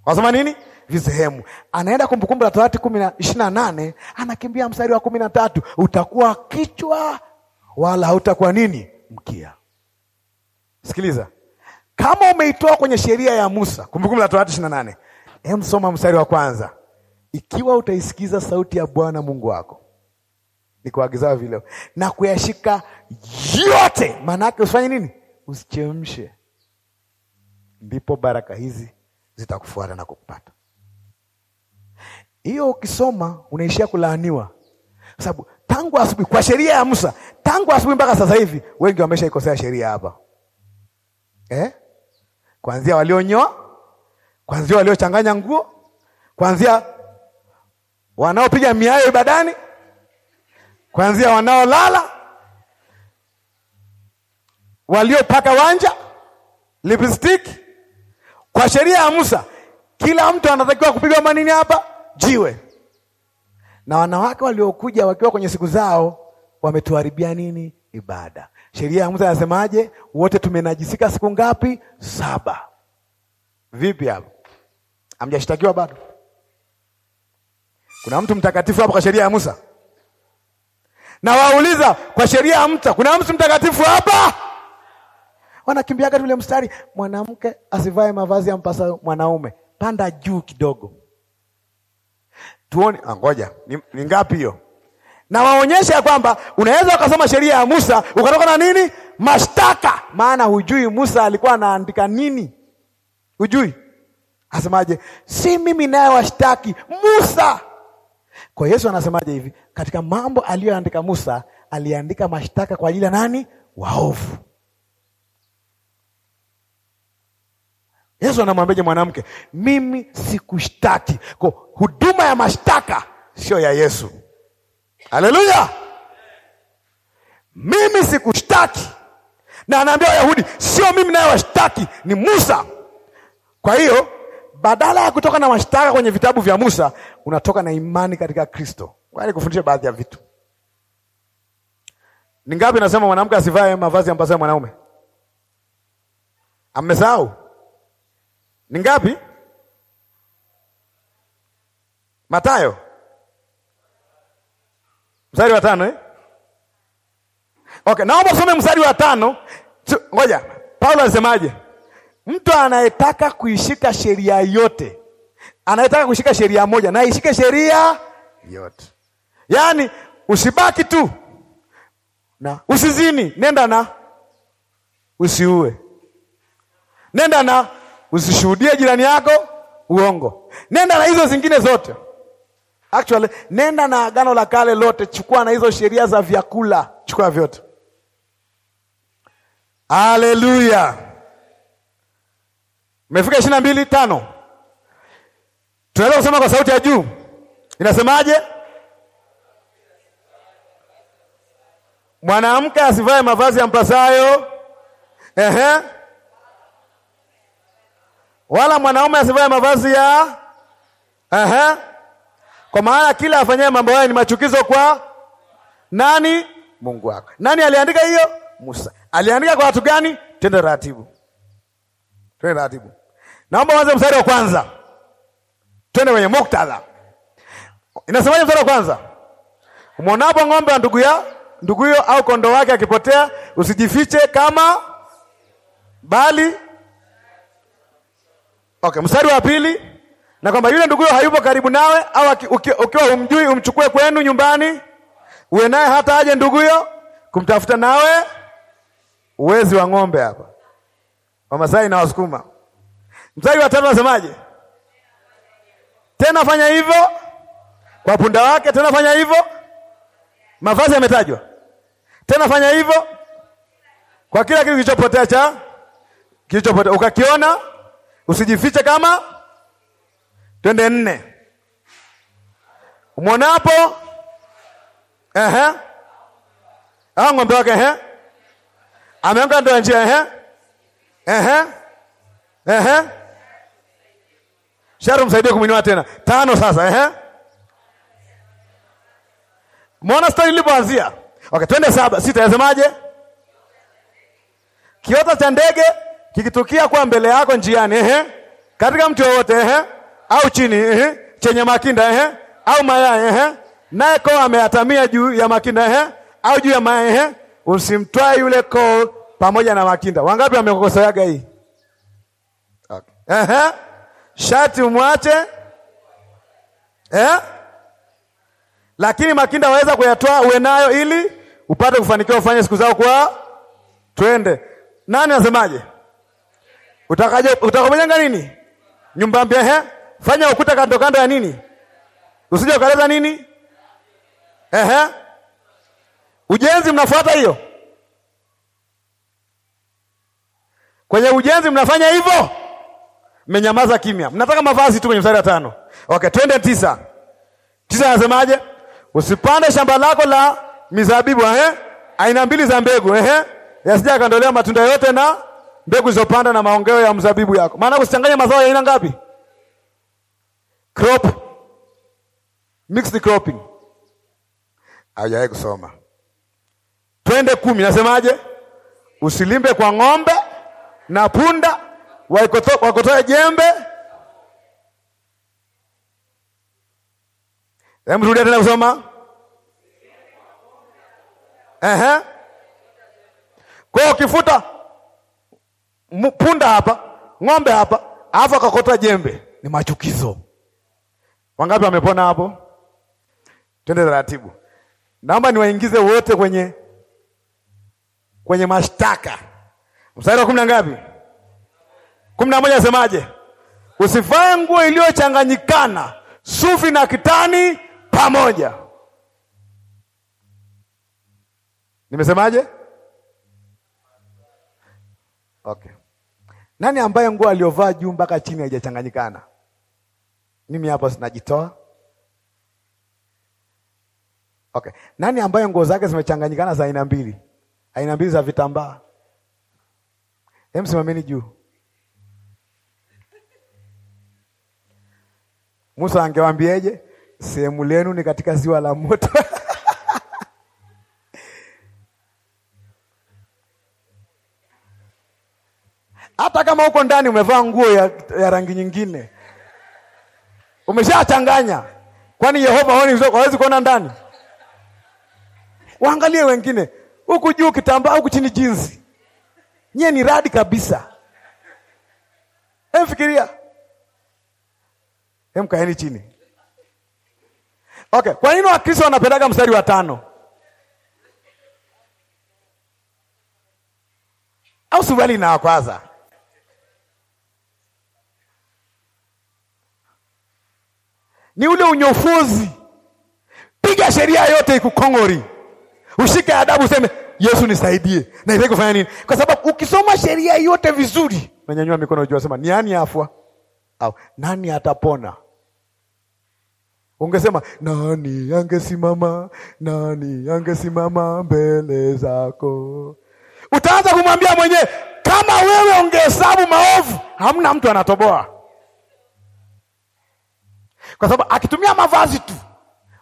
Wasoma nini? Visehemu. Anaenda Kumbukumbu la Torati kumi na ishirini na nane anakimbia mstari wa kumi na tatu utakuwa kichwa wala hautakuwa nini, mkia. Sikiliza, kama umeitoa kwenye sheria ya Musa, Kumbukumbu la Torati ishirini na nane hem, soma mstari wa kwanza ikiwa utaisikiza sauti ya Bwana Mungu wako nikuagizao vileo na kuyashika yote, maana usifanye nini? Usichemshe, ndipo baraka hizi zitakufuata na kukupata. Hiyo ukisoma unaishia kulaaniwa, kwa sababu tangu asubuhi, kwa sheria ya Musa, tangu asubuhi mpaka sasa hivi wengi wameshaikosea sheria hapa eh? Kwanzia walionyoa, kwanzia waliochanganya nguo, kwanzia wanaopiga miayo ibadani, kwanzia wanaolala, waliopaka wanja lipstick kwa sheria ya Musa kila mtu anatakiwa kupigwa manini hapa jiwe, na wanawake waliokuja wakiwa kwenye siku zao wametuharibia nini ibada. Sheria ya Musa inasemaje? Wote tumenajisika siku ngapi? Saba. Vipi hapo? Amjashtakiwa bado? Kuna mtu mtakatifu hapa kwa sheria ya Musa? nawauliza kwa sheria ya Musa, kuna mtu mtakatifu hapa? wanakimbiaga tule mstari, mwanamke asivae mavazi yampasa mwanaume. Panda juu kidogo, tuone. Ah, ngoja ni, ni ngapi hiyo? Na ya kwamba unaweza ukasoma sheria ya Musa ukatoka na nini mashtaka, maana hujui Musa alikuwa anaandika nini, hujui Asemaje? si mimi naye washtaki Musa. Kwa Yesu anasemaje hivi, katika mambo aliyoandika Musa aliandika mashtaka kwa ajili ya nani? Waovu. Yesu anamwambiaje mwanamke, mimi sikushtaki. Kwa huduma ya mashtaka sio ya Yesu. Haleluya, mimi sikushtaki, na anaambia Wayahudi sio mimi naye washtaki, ni Musa. Kwa hiyo badala ya kutoka na mashtaka kwenye vitabu vya Musa unatoka na imani katika Kristo. kufundisha baadhi ya vitu. Ni ngapi nasema mwanamke asivae mavazi ambazo mwanaume amesahau? Ni ngapi? Matayo mstari wa tano eh? Okay, naomba usome mstari wa tano. Ngoja, Paulo anasemaje? Mtu anayetaka kuishika sheria yote, anayetaka kuishika sheria moja, na ishike sheria yote, yaani usibaki tu na usizini, nenda na usiue, nenda na usishuhudie jirani yako uongo. Nenda na hizo zingine zote. Actually, nenda na agano la kale lote, chukua na hizo sheria za vyakula, chukua vyote. Haleluya! mefika ishirini na mbili tano. Tunaweza kusema kwa sauti ya juu, inasemaje? Mwanamke asivae mavazi ya mpasayo. Ehe wala mwanaume asivae mavazi ya Aha. Kwa maana kila afanyaye mambo haya ni machukizo kwa nani? Mungu wako. Nani aliandika hiyo? Musa. Aliandika kwa watu gani? Tende taratibu, tende taratibu. Naomba uanze mstari wa kwanza, twende kwenye muktadha. Inasemaje mstari wa kwanza? Umwonapo ng'ombe wa ndugu ya ndugu hiyo au kondoo wake akipotea, usijifiche kama, bali Okay, mstari wa pili na kwamba yule nduguyo hayupo karibu nawe, au ukiwa umjui umchukue kwenu nyumbani uwe naye hata aje nduguyo kumtafuta. Nawe uwezi wa ng'ombe hapa Wamasai na Wasukuma. Mstari wa tatu anasemaje? Tena fanya hivyo kwa punda wake, tena fanya hivyo. Mavazi yametajwa. Tena fanya hivyo kwa kila kitu kilichopotea cha kilichopotea ukakiona usijifiche kama. Twende nne. Umwonapo au ng'ombe wake ameanguka ndo njia, shari msaidie kumwinua tena. Tano sasa, mwona stori ilipoanzia. Okay, twende saba. Sita yasemaje? Kiota cha ndege kikitukia kwa mbele yako njiani, ehe, katika mtu wowote, ehe, au chini, ehe, chenye makinda, ehe, au mayai, ehe, naye koo ameatamia juu ya makinda, ehe, au juu ya mayai, ehe, usimtwae yule koo pamoja na makinda. Wangapi wamekokoseaga hii? Ehe, shati umwache, ehe, lakini makinda waweza kuyatoa uwe nayo, ili upate kufanikiwa, ufanye siku zao kwa twende. Nani anasemaje? utakajenga nini? Nyumba mpya. Ehe, fanya ukuta kando kando ya nini, usije ukaleza nini. Ehe, ujenzi mnafuata hiyo. Kwenye ujenzi mnafanya hivyo, mmenyamaza kimya, mnataka mavazi tu. Kwenye mstari wa tano, okay, twende tisa. Tisa anasemaje? Usipande shamba lako la mizabibu, ehe, aina mbili za mbegu, ehe, yasija akandolea matunda yote na mbegu zilizopandwa na maongeo ya mzabibu yako. Maana kusichanganya mazao ya aina ngapi? Crop, mixed cropping. Hajawahi kusoma. Twende kumi, nasemaje? Usilimbe kwa ng'ombe na punda wakotoe jembe. Hebu rudia tena kusoma. Ehe, kwa ukifuta punda hapa, ng'ombe hapa, alafu akakota jembe, ni machukizo. Wangapi wamepona hapo? Twende taratibu, naomba niwaingize wote kwenye kwenye mashtaka. Mstari wa kumi na ngapi? kumi na moja, asemaje? Usivae nguo iliyochanganyikana sufi na kitani pamoja. Nimesemaje? Okay. Nani ambaye nguo aliyovaa juu mpaka chini haijachanganyikana? Mimi hapa sinajitoa. Okay. Nani ambaye nguo zake zimechanganyikana za aina mbili, aina mbili za vitambaa? Hem, simameni juu. Musa angewaambieje? Sehemu lenu ni katika ziwa la moto. *laughs* hata kama huko ndani umevaa nguo ya, ya rangi nyingine umeshachanganya. Kwani Yehova hawezi kuona ndani? Waangalie wengine huku juu kitambaa, huku chini jinsi. Nyie ni radi kabisa. Emfikiria, emkaeni chini. Okay, kwa nini Wakristo wanapendaga mstari wa tano? Au suruali inawakwaza? ni ule unyofozi. Piga sheria yote ikukongori, ushike adabu, useme Yesu nisaidie, naitaki kufanya nini? Kwa sababu ukisoma sheria yote vizuri, nanyanyua mikono juu, asema ni nani afwa au nani atapona? Ungesema nani angesimama, nani angesimama mbele zako? Utaanza kumwambia mwenyewe, kama wewe ungehesabu maovu, hamna mtu anatoboa kwa sababu akitumia mavazi tu.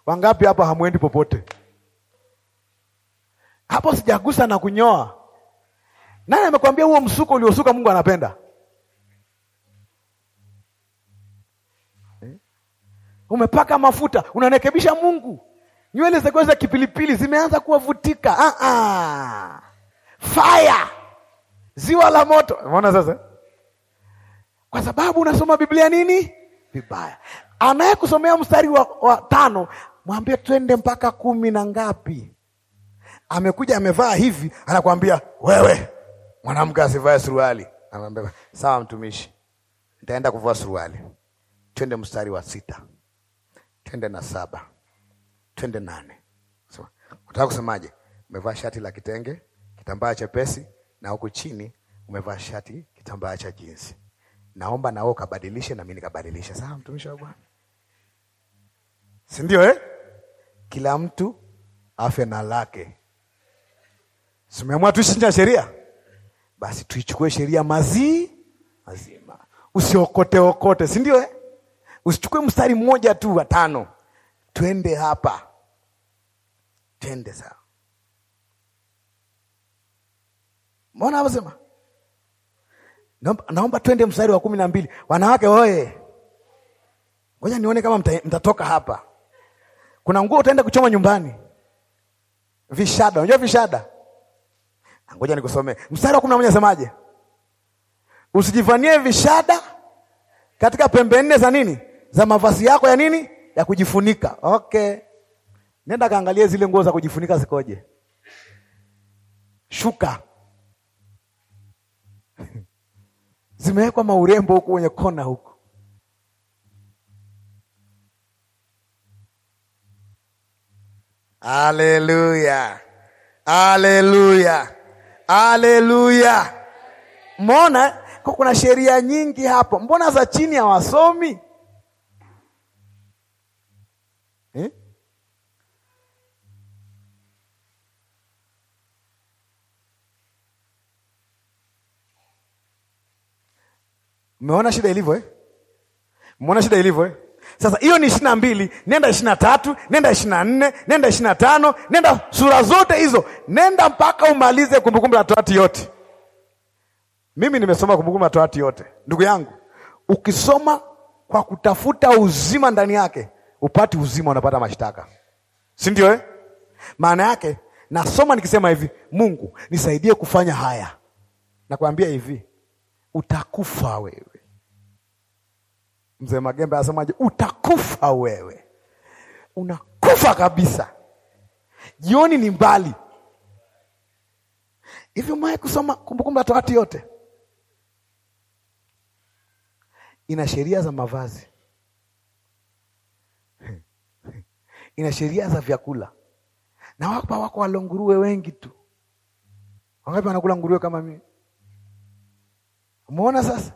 Wangapi hapa hamwendi popote? Hapo sijagusa na kunyoa. Nani amekwambia huo msuko uliosuka Mungu anapenda? Eh? Umepaka mafuta unarekebisha Mungu. Nywele zako za kipilipili zimeanza kuwavutika. Ah ah. Fire. Ziwa la moto. Unaona sasa? Kwa sababu unasoma Biblia nini? Vibaya. Anayekusomea mstari wa, wa tano mwambie twende mpaka kumi na ngapi. Amekuja amevaa hivi, anakuambia wewe mwanamke asivae suruali. Anaambia sawa, mtumishi, nitaenda kuvua suruali. Twende mstari wa sita, twende na saba, twende nane. So, utaka kusemaje? Umevaa shati la kitenge, kitambaa chepesi, na huku chini umevaa shati kitambaa cha jinsi naomba na wewe ukabadilishe na mimi nikabadilisha. Sawa, mtumishi wa Bwana, si ndio eh? Kila mtu afe na lake. Simeamua tuishi nje ya sheria, basi tuichukue sheria mazii mazima, usiokote okote, si ndio eh? Usichukue mstari mmoja tu wa tano, twende hapa, twende sawa. Mbona hapo Naomba twende mstari wa kumi na mbili. Wanawake oye, ngoja nione kama mta, mtatoka hapa. Kuna nguo utaenda kuchoma nyumbani, vishada. Unajua vishada? Ah, ngoja nikusomee mstari wa kumi na moja asemaje? Usijivanie vishada katika pembe nne za nini, za mavazi yako ya nini, ya kujifunika. Okay, nenda kaangalie zile nguo za kujifunika zikoje, shuka *laughs* zimewekwa maurembo huku kwenye kona huku. Aleluya, aleluya, aleluya! Mbona kuna sheria nyingi hapo? Mbona za chini hawasomi? Umeona shida ilivyo eh? Umeona shida ilivyo eh? Sasa hiyo ni ishirini na mbili, nenda ishirini na tatu, nenda ishirini na nne, nenda ishirini na tano, nenda sura zote hizo, nenda mpaka umalize Kumbukumbu la Torati yote. Mimi nimesoma Kumbukumbu la Torati yote, ndugu yangu. Ukisoma kwa kutafuta uzima ndani yake, upati uzima, unapata mashtaka, si ndio eh? Maana yake nasoma nikisema hivi, Mungu nisaidie kufanya haya, nakwambia hivi, utakufa wewe Mzee Magembe anasemaje? Utakufa wewe, unakufa kabisa. Jioni ni mbali hivi. Mwae kusoma Kumbukumbu la Torati? Yote ina sheria za mavazi, *laughs* ina sheria za vyakula, na wapa wako walonguruwe wengi tu. Wangapi wanakula nguruwe kama mimi? Umeona sasa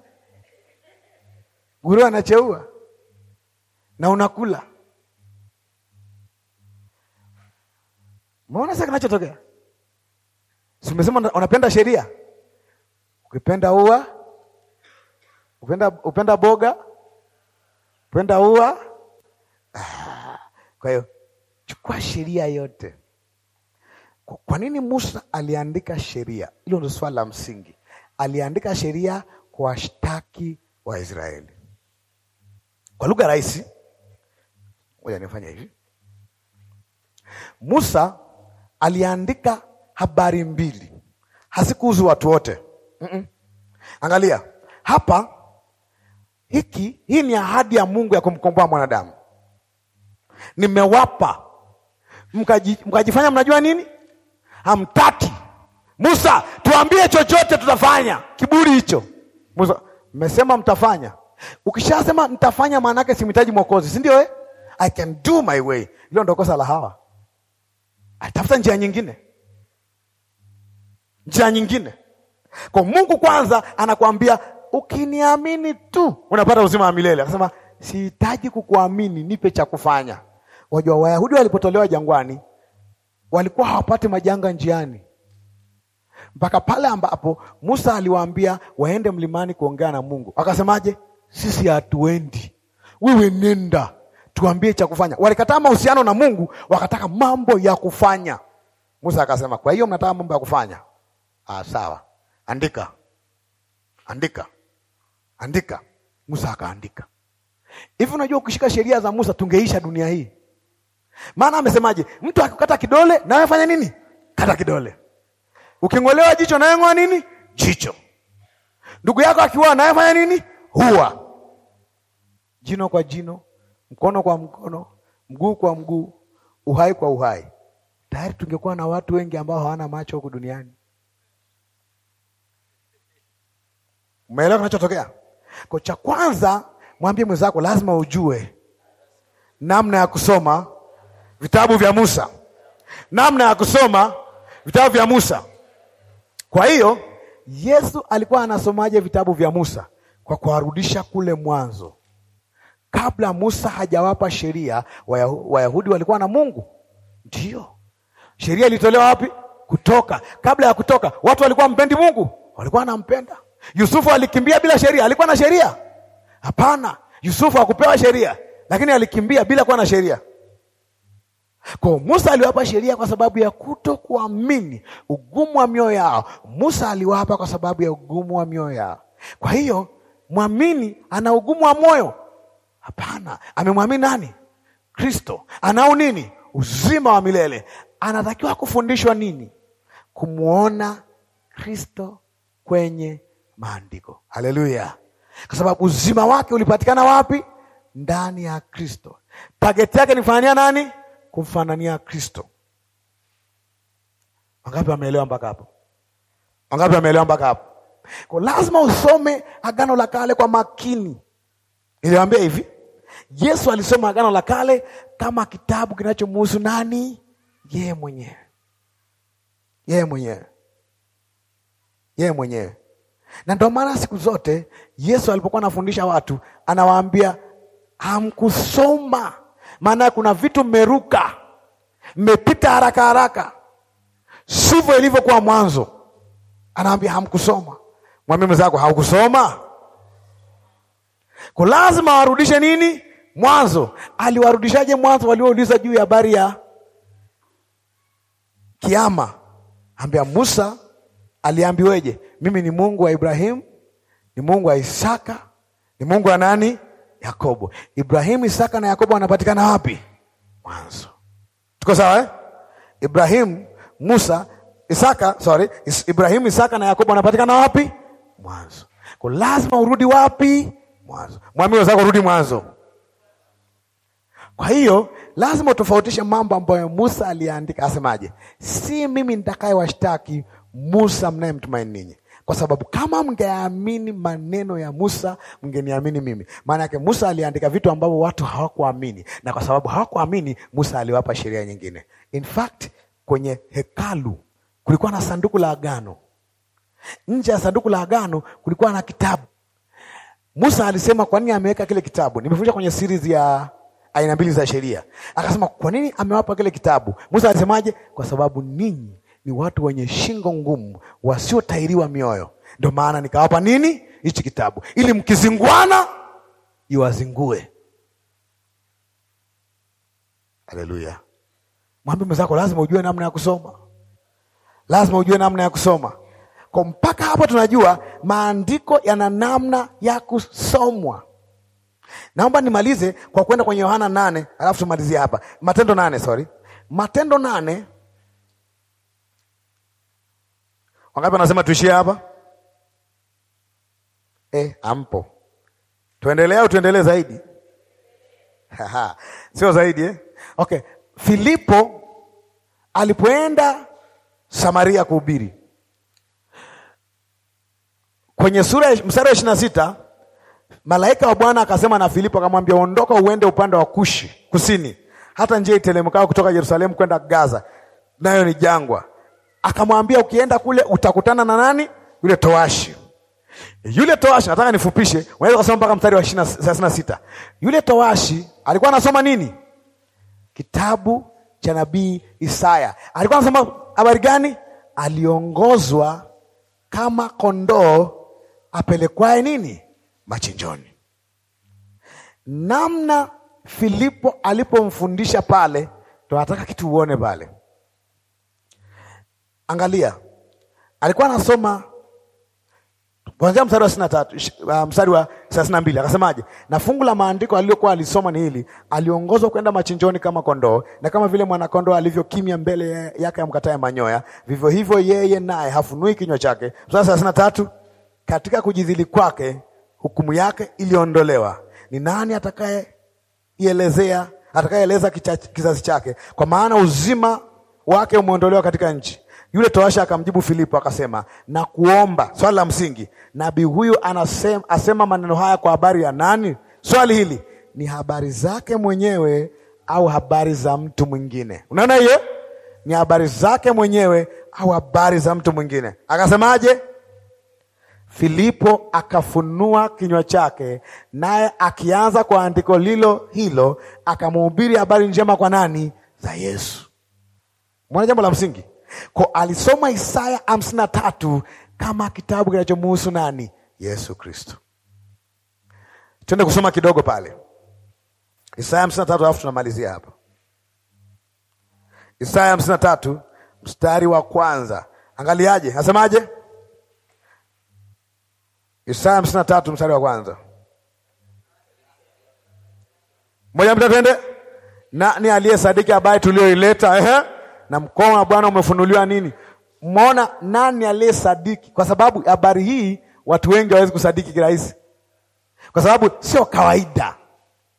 Nguruwe anacheua na unakula. Mbona sasa kinachotokea? Si umesema unapenda sheria? Ukipenda ua, upenda upenda boga, upenda ua. Ah, kwa hiyo chukua sheria yote. Kwa nini Musa aliandika sheria? Hilo ndio swala la msingi. Aliandika sheria kwa wa Waisraeli. Kwa lugha rahisi, ngoja nifanya hivi. Musa aliandika habari mbili, hazikuhusu watu wote. mm -mm. Angalia hapa, hiki hii ni ahadi ya Mungu ya kumkomboa mwanadamu. Nimewapa mkaji, mkajifanya mnajua nini, hamtaki Musa tuambie chochote tutafanya. Kiburi hicho Musa, mmesema mtafanya Ukishasema nitafanya, maana yake simhitaji mwokozi, si ndio? Eh, I can do my way. Hilo ndo kosa la Hawa, atafuta njia nyingine, njia nyingine. Kwa Mungu kwanza anakuambia ukiniamini tu unapata uzima wa milele. Akasema sihitaji kukuamini, nipe cha kufanya. Wajua Wayahudi walipotolewa jangwani walikuwa hawapati majanga njiani mpaka pale ambapo Musa aliwaambia waende mlimani kuongea na Mungu. Akasemaje? Sisi hatuendi, wewe nenda, tuambie cha kufanya. Walikataa mahusiano na Mungu, wakataka mambo ya kufanya. Musa akasema, kwa hiyo mnataka mambo ya kufanya? Aa, ah, sawa, andika, andika, andika. Musa akaandika. Hivi unajua, ukishika sheria za Musa tungeisha dunia hii. Maana amesemaje? Mtu akikata kidole nawe fanya nini? Kata kidole. Uking'olewa jicho nawe ng'oa nini? Jicho. Ndugu yako akiwa nawe fanya nini? huwa jino kwa jino, mkono kwa mkono, mguu kwa mguu, uhai kwa uhai. Tayari tungekuwa na watu wengi ambao hawana macho huku duniani. Umeelewa kinachotokea? Kwa cha kwanza, mwambie mwenzako, lazima ujue namna ya kusoma vitabu vya Musa, namna ya kusoma vitabu vya Musa. Kwa hiyo Yesu alikuwa anasomaje vitabu vya Musa? kwa kuwarudisha kule mwanzo. Kabla Musa hajawapa sheria, Wayahudi walikuwa na Mungu. ndio sheria ilitolewa wapi? Kutoka. Kabla ya Kutoka, watu walikuwa mpendi Mungu, walikuwa anampenda. Yusufu alikimbia bila sheria, alikuwa na sheria? Hapana, Yusufu hakupewa sheria, lakini alikimbia bila kuwa na sheria. Kwa Musa aliwapa sheria kwa sababu ya kuto kuamini, ugumu wa mioyo yao. Musa aliwapa kwa sababu ya ugumu wa mioyo yao. Kwa hiyo mwamini ana ugumu wa moyo? Hapana, amemwamini nani? Kristo. Anao nini? Uzima wa milele. Anatakiwa kufundishwa nini? Kumwona Kristo kwenye maandiko. Haleluya! Kwa sababu uzima wake ulipatikana wapi? Ndani ya Kristo. Tageti yake ni nani? Kumfanania Kristo. Wangapi wameelewa mpaka hapo? Wangapi wameelewa mpaka hapo? Kwa lazima usome Agano la Kale kwa makini. Niliwaambia hivi, Yesu alisoma Agano la Kale kama kitabu kinachomhusu nani? Yeye mwenyewe, yeye mwenyewe, yeye mwenyewe. Na ndio maana siku zote Yesu alipokuwa anafundisha watu anawaambia, hamkusoma. Maana kuna vitu mmeruka, mmepita haraka haraka, sivyo ilivyokuwa mwanzo. anawambia hamkusoma. Mwambie mwenzako haukusoma. Kwa lazima warudishe nini? Mwanzo. Aliwarudishaje mwanzo waliouliza juu ya habari ya kiama? Ambia Musa aliambiweje? Mimi ni Mungu wa Ibrahimu, ni Mungu wa Isaka, ni Mungu wa nani? Yakobo. Ibrahimu, Isaka na Yakobo wanapatikana wapi? Mwanzo. Tuko sawa eh? Ibrahimu, Musa, Isaka, sorry, Ibrahimu, Isaka na Yakobo wanapatikana wapi? mwanzo. Kwa lazima urudi wapi? Mwanzo. Mwami wenzako, urudi mwanzo. Kwa hiyo lazima utofautishe mambo ambayo Musa aliandika, asemaje? Si mimi nitakaye washtaki Musa mtumaini ninyi, kwa sababu kama mngeamini maneno ya Musa mngeniamini mimi. Maana yake Musa aliandika vitu ambavyo watu hawakuamini, na kwa sababu hawakuamini, Musa aliwapa sheria nyingine. In fact, kwenye hekalu kulikuwa na sanduku la agano Nje ya sanduku la agano kulikuwa na kitabu. Musa alisema kwa nini ameweka kile kitabu? Nimefundisha kwenye series ya aina mbili za sheria. Akasema kwa nini amewapa kile kitabu? Musa alisemaje? Kwa sababu ninyi ni watu wenye shingo ngumu, wasiotairiwa mioyo, ndio maana nikawapa nini hichi kitabu, ili mkizingwana iwazingue. Haleluya! Mwambie mwenzako, lazima ujue namna ya kusoma, lazima ujue namna ya kusoma. Kwa mpaka hapo tunajua maandiko yana namna ya kusomwa. Naomba nimalize kwa kwenda kwenye Yohana nane alafu tumalizie hapa Matendo nane sorry, Matendo nane wangapi wanasema tuishie hapa e, Ampo tuendelee au tuendelee zaidi? sio zaidi eh? Okay, Filipo alipoenda Samaria kuhubiri kwenye sura mstari wa ishirini na sita malaika wa Bwana akasema na Filipo akamwambia, ondoka uende upande wa Kushi kusini, hata njia itelemkao kutoka Yerusalemu kwenda Gaza, nayo ni jangwa. Akamwambia, ukienda kule utakutana na nani? Yule toashi. Yule toashi, nataka nifupishe, unaweza kusoma mpaka mstari wa thelathini na sita. Yule toashi alikuwa anasoma nini? Kitabu cha nabii Isaya. Alikuwa anasoma habari gani? Aliongozwa kama kondoo apelekwaye nini machinjoni. Namna Filipo alipomfundisha pale, tunataka kitu uone pale. Angalia, alikuwa anasoma kuanzia mstari wa thelathini na tatu ah, mstari wa thelathini na mbili akasemaje? Na fungu la maandiko aliyokuwa alisoma ni hili, aliongozwa kwenda machinjoni kama kondoo, na kama vile mwanakondoo alivyokimya mbele yake amkataye manyoya, vivyo hivyo yeye naye hafunui kinywa chake. Mstari wa thelathini na tatu katika kujidhili kwake hukumu yake iliondolewa. Ni nani atakayeielezea, atakayeeleza kizazi chake? Kwa maana uzima wake umeondolewa katika nchi. Yule toasha akamjibu Filipo akasema, na kuomba swali la msingi, nabii huyu anasema, asema maneno haya kwa habari ya nani? Swali hili ni habari zake mwenyewe au habari za mtu mwingine? Unaona hiyo ni habari zake mwenyewe au habari za mtu mwingine? Akasemaje? Filipo akafunua kinywa chake, naye akianza kwa andiko lilo hilo akamuhubiri habari njema kwa nani? Za Yesu. Mwana jambo la msingi ko alisoma Isaya hamsini na tatu kama kitabu kinachomuhusu nani? Yesu Kristo. Tuende kusoma kidogo pale Isaya hamsini na tatu alafu tunamalizia hapa. Isaya hamsini na tatu mstari wa kwanza, angaliaje, nasemaje Isaya hamsini na tatu mstari wa kwanza moja mta twende nani sadiki habari tuliyoileta ehe na mkono wa Bwana umefunuliwa nini Mona, nani sadiki Kwa sababu habari hii watu wengi wawezi kusadiki kirahisi, kwa sababu sio kawaida.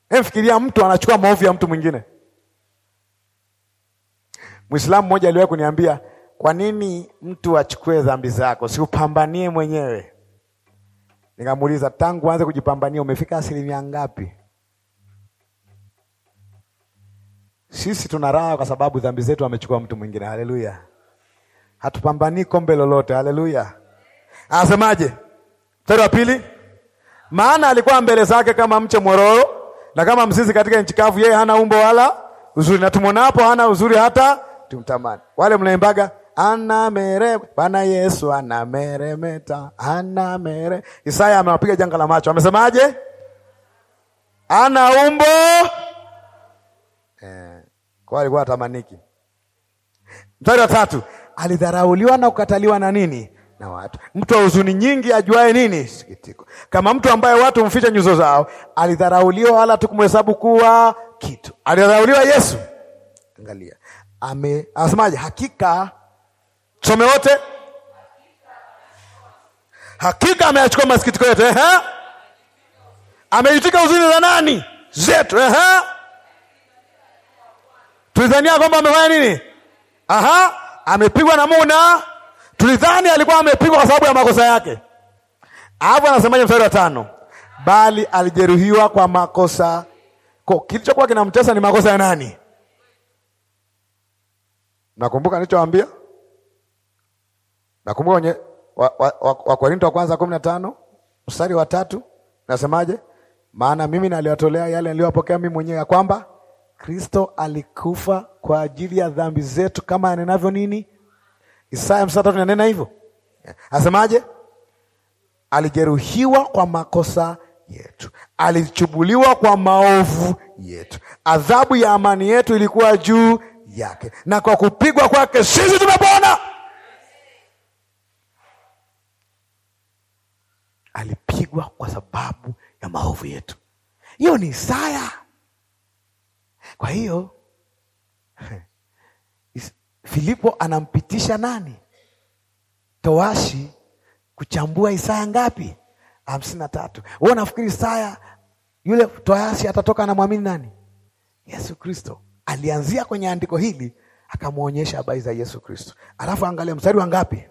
Emfikiria mtu anachukua maovu ya mtu mwingine. Mwislamu mmoja aliwahi kuniambia, kwa nini mtu achukue dhambi zako, siupambanie mwenyewe? Nikamuuliza, tangu anze kujipambania umefika asilimia ngapi? Sisi tuna raha kwa sababu dhambi zetu amechukua mtu mwingine. Haleluya! hatupambanii kombe lolote. Haleluya! Anasemaje mstari wa pili? Maana alikuwa mbele zake kama mche mwororo na kama mzizi katika nchi kavu, yeye hana umbo wala uzuri, na tumwonapo hana uzuri hata tumtamani. Wale mnaimbaga anamere Bwana Yesu anameremeta, anamere. Isaya amewapiga janga la macho, amesemaje? Ana umbo eh, kwa alikuwa atamaniki. Mstari wa tatu, alidharauliwa na kukataliwa na nini na watu, mtu wa huzuni nyingi, ajuae nini sikitiko, kama mtu ambaye watu mficha nyuso zao. Alidharauliwa wala tukumhesabu kuwa kitu. Alidharauliwa Yesu, angalia ame asemaje? Hakika Some wote, hakika ameachukua masikitiko yetu. ameitika uzuri za nani zetu. Ehe, tulidhania kwamba amefanya nini? Aha, amepigwa na Muna. Tulidhani alikuwa amepigwa kwa sababu ya makosa yake. Alafu anasemaje mstari wa tano? Bali alijeruhiwa kwa makosa ko, kilichokuwa kinamtesa ni makosa ya nani? Nakumbuka nilichowaambia Nakumbuka wenye Wakorinto wa kwanza kumi na tano mstari wa tatu nasemaje? Maana mimi naliwatolea yale niliyopokea mimi mwenyewe ya kwamba Kristo alikufa kwa ajili ya dhambi zetu kama anenavyo nini? Isaya mstari tatu nanena hivyo. Asemaje? Alijeruhiwa kwa makosa yetu, alichubuliwa kwa maovu yetu, adhabu ya amani yetu ilikuwa juu yake, na kwa kupigwa kwake sisi tumepona. alipigwa kwa sababu ya maovu yetu. Hiyo ni Isaya. Kwa hiyo *laughs* Filipo anampitisha nani? toashi kuchambua Isaya ngapi? hamsini na tatu. Wewe unafikiri Isaya yule toashi atatoka anamwamini nani? Yesu Kristo. Alianzia kwenye andiko hili akamwonyesha habari za Yesu Kristo. Alafu angalia mstari wa ngapi?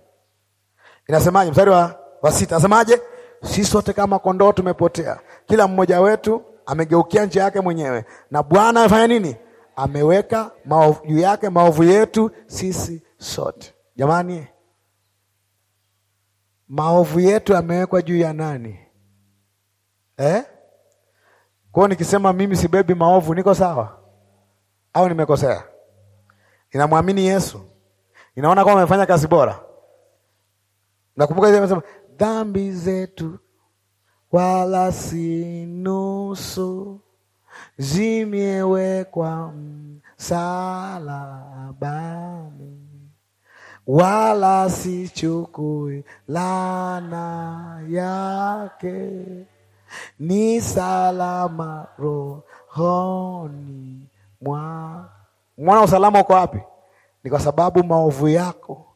Inasemaje? Mstari wa, wa sita. Asemaje? si sote kama kondoo tumepotea, kila mmoja wetu amegeukia njia yake mwenyewe, na Bwana amefanya nini? Ameweka juu yake maovu yetu sisi sote. Jamani, maovu yetu yamewekwa juu ya nani eh? Kwao nikisema mimi sibebi maovu, niko sawa au nimekosea? ninamwamini Yesu, ninaona kwamba amefanya kazi bora. Nakumbuka ile anasema dhambi zetu, wala si nusu zimewekwa msalabani, wala si chukui laana yake, ni salama rohoni mwa mwana. Usalama uko wapi? Ni kwa sababu maovu yako,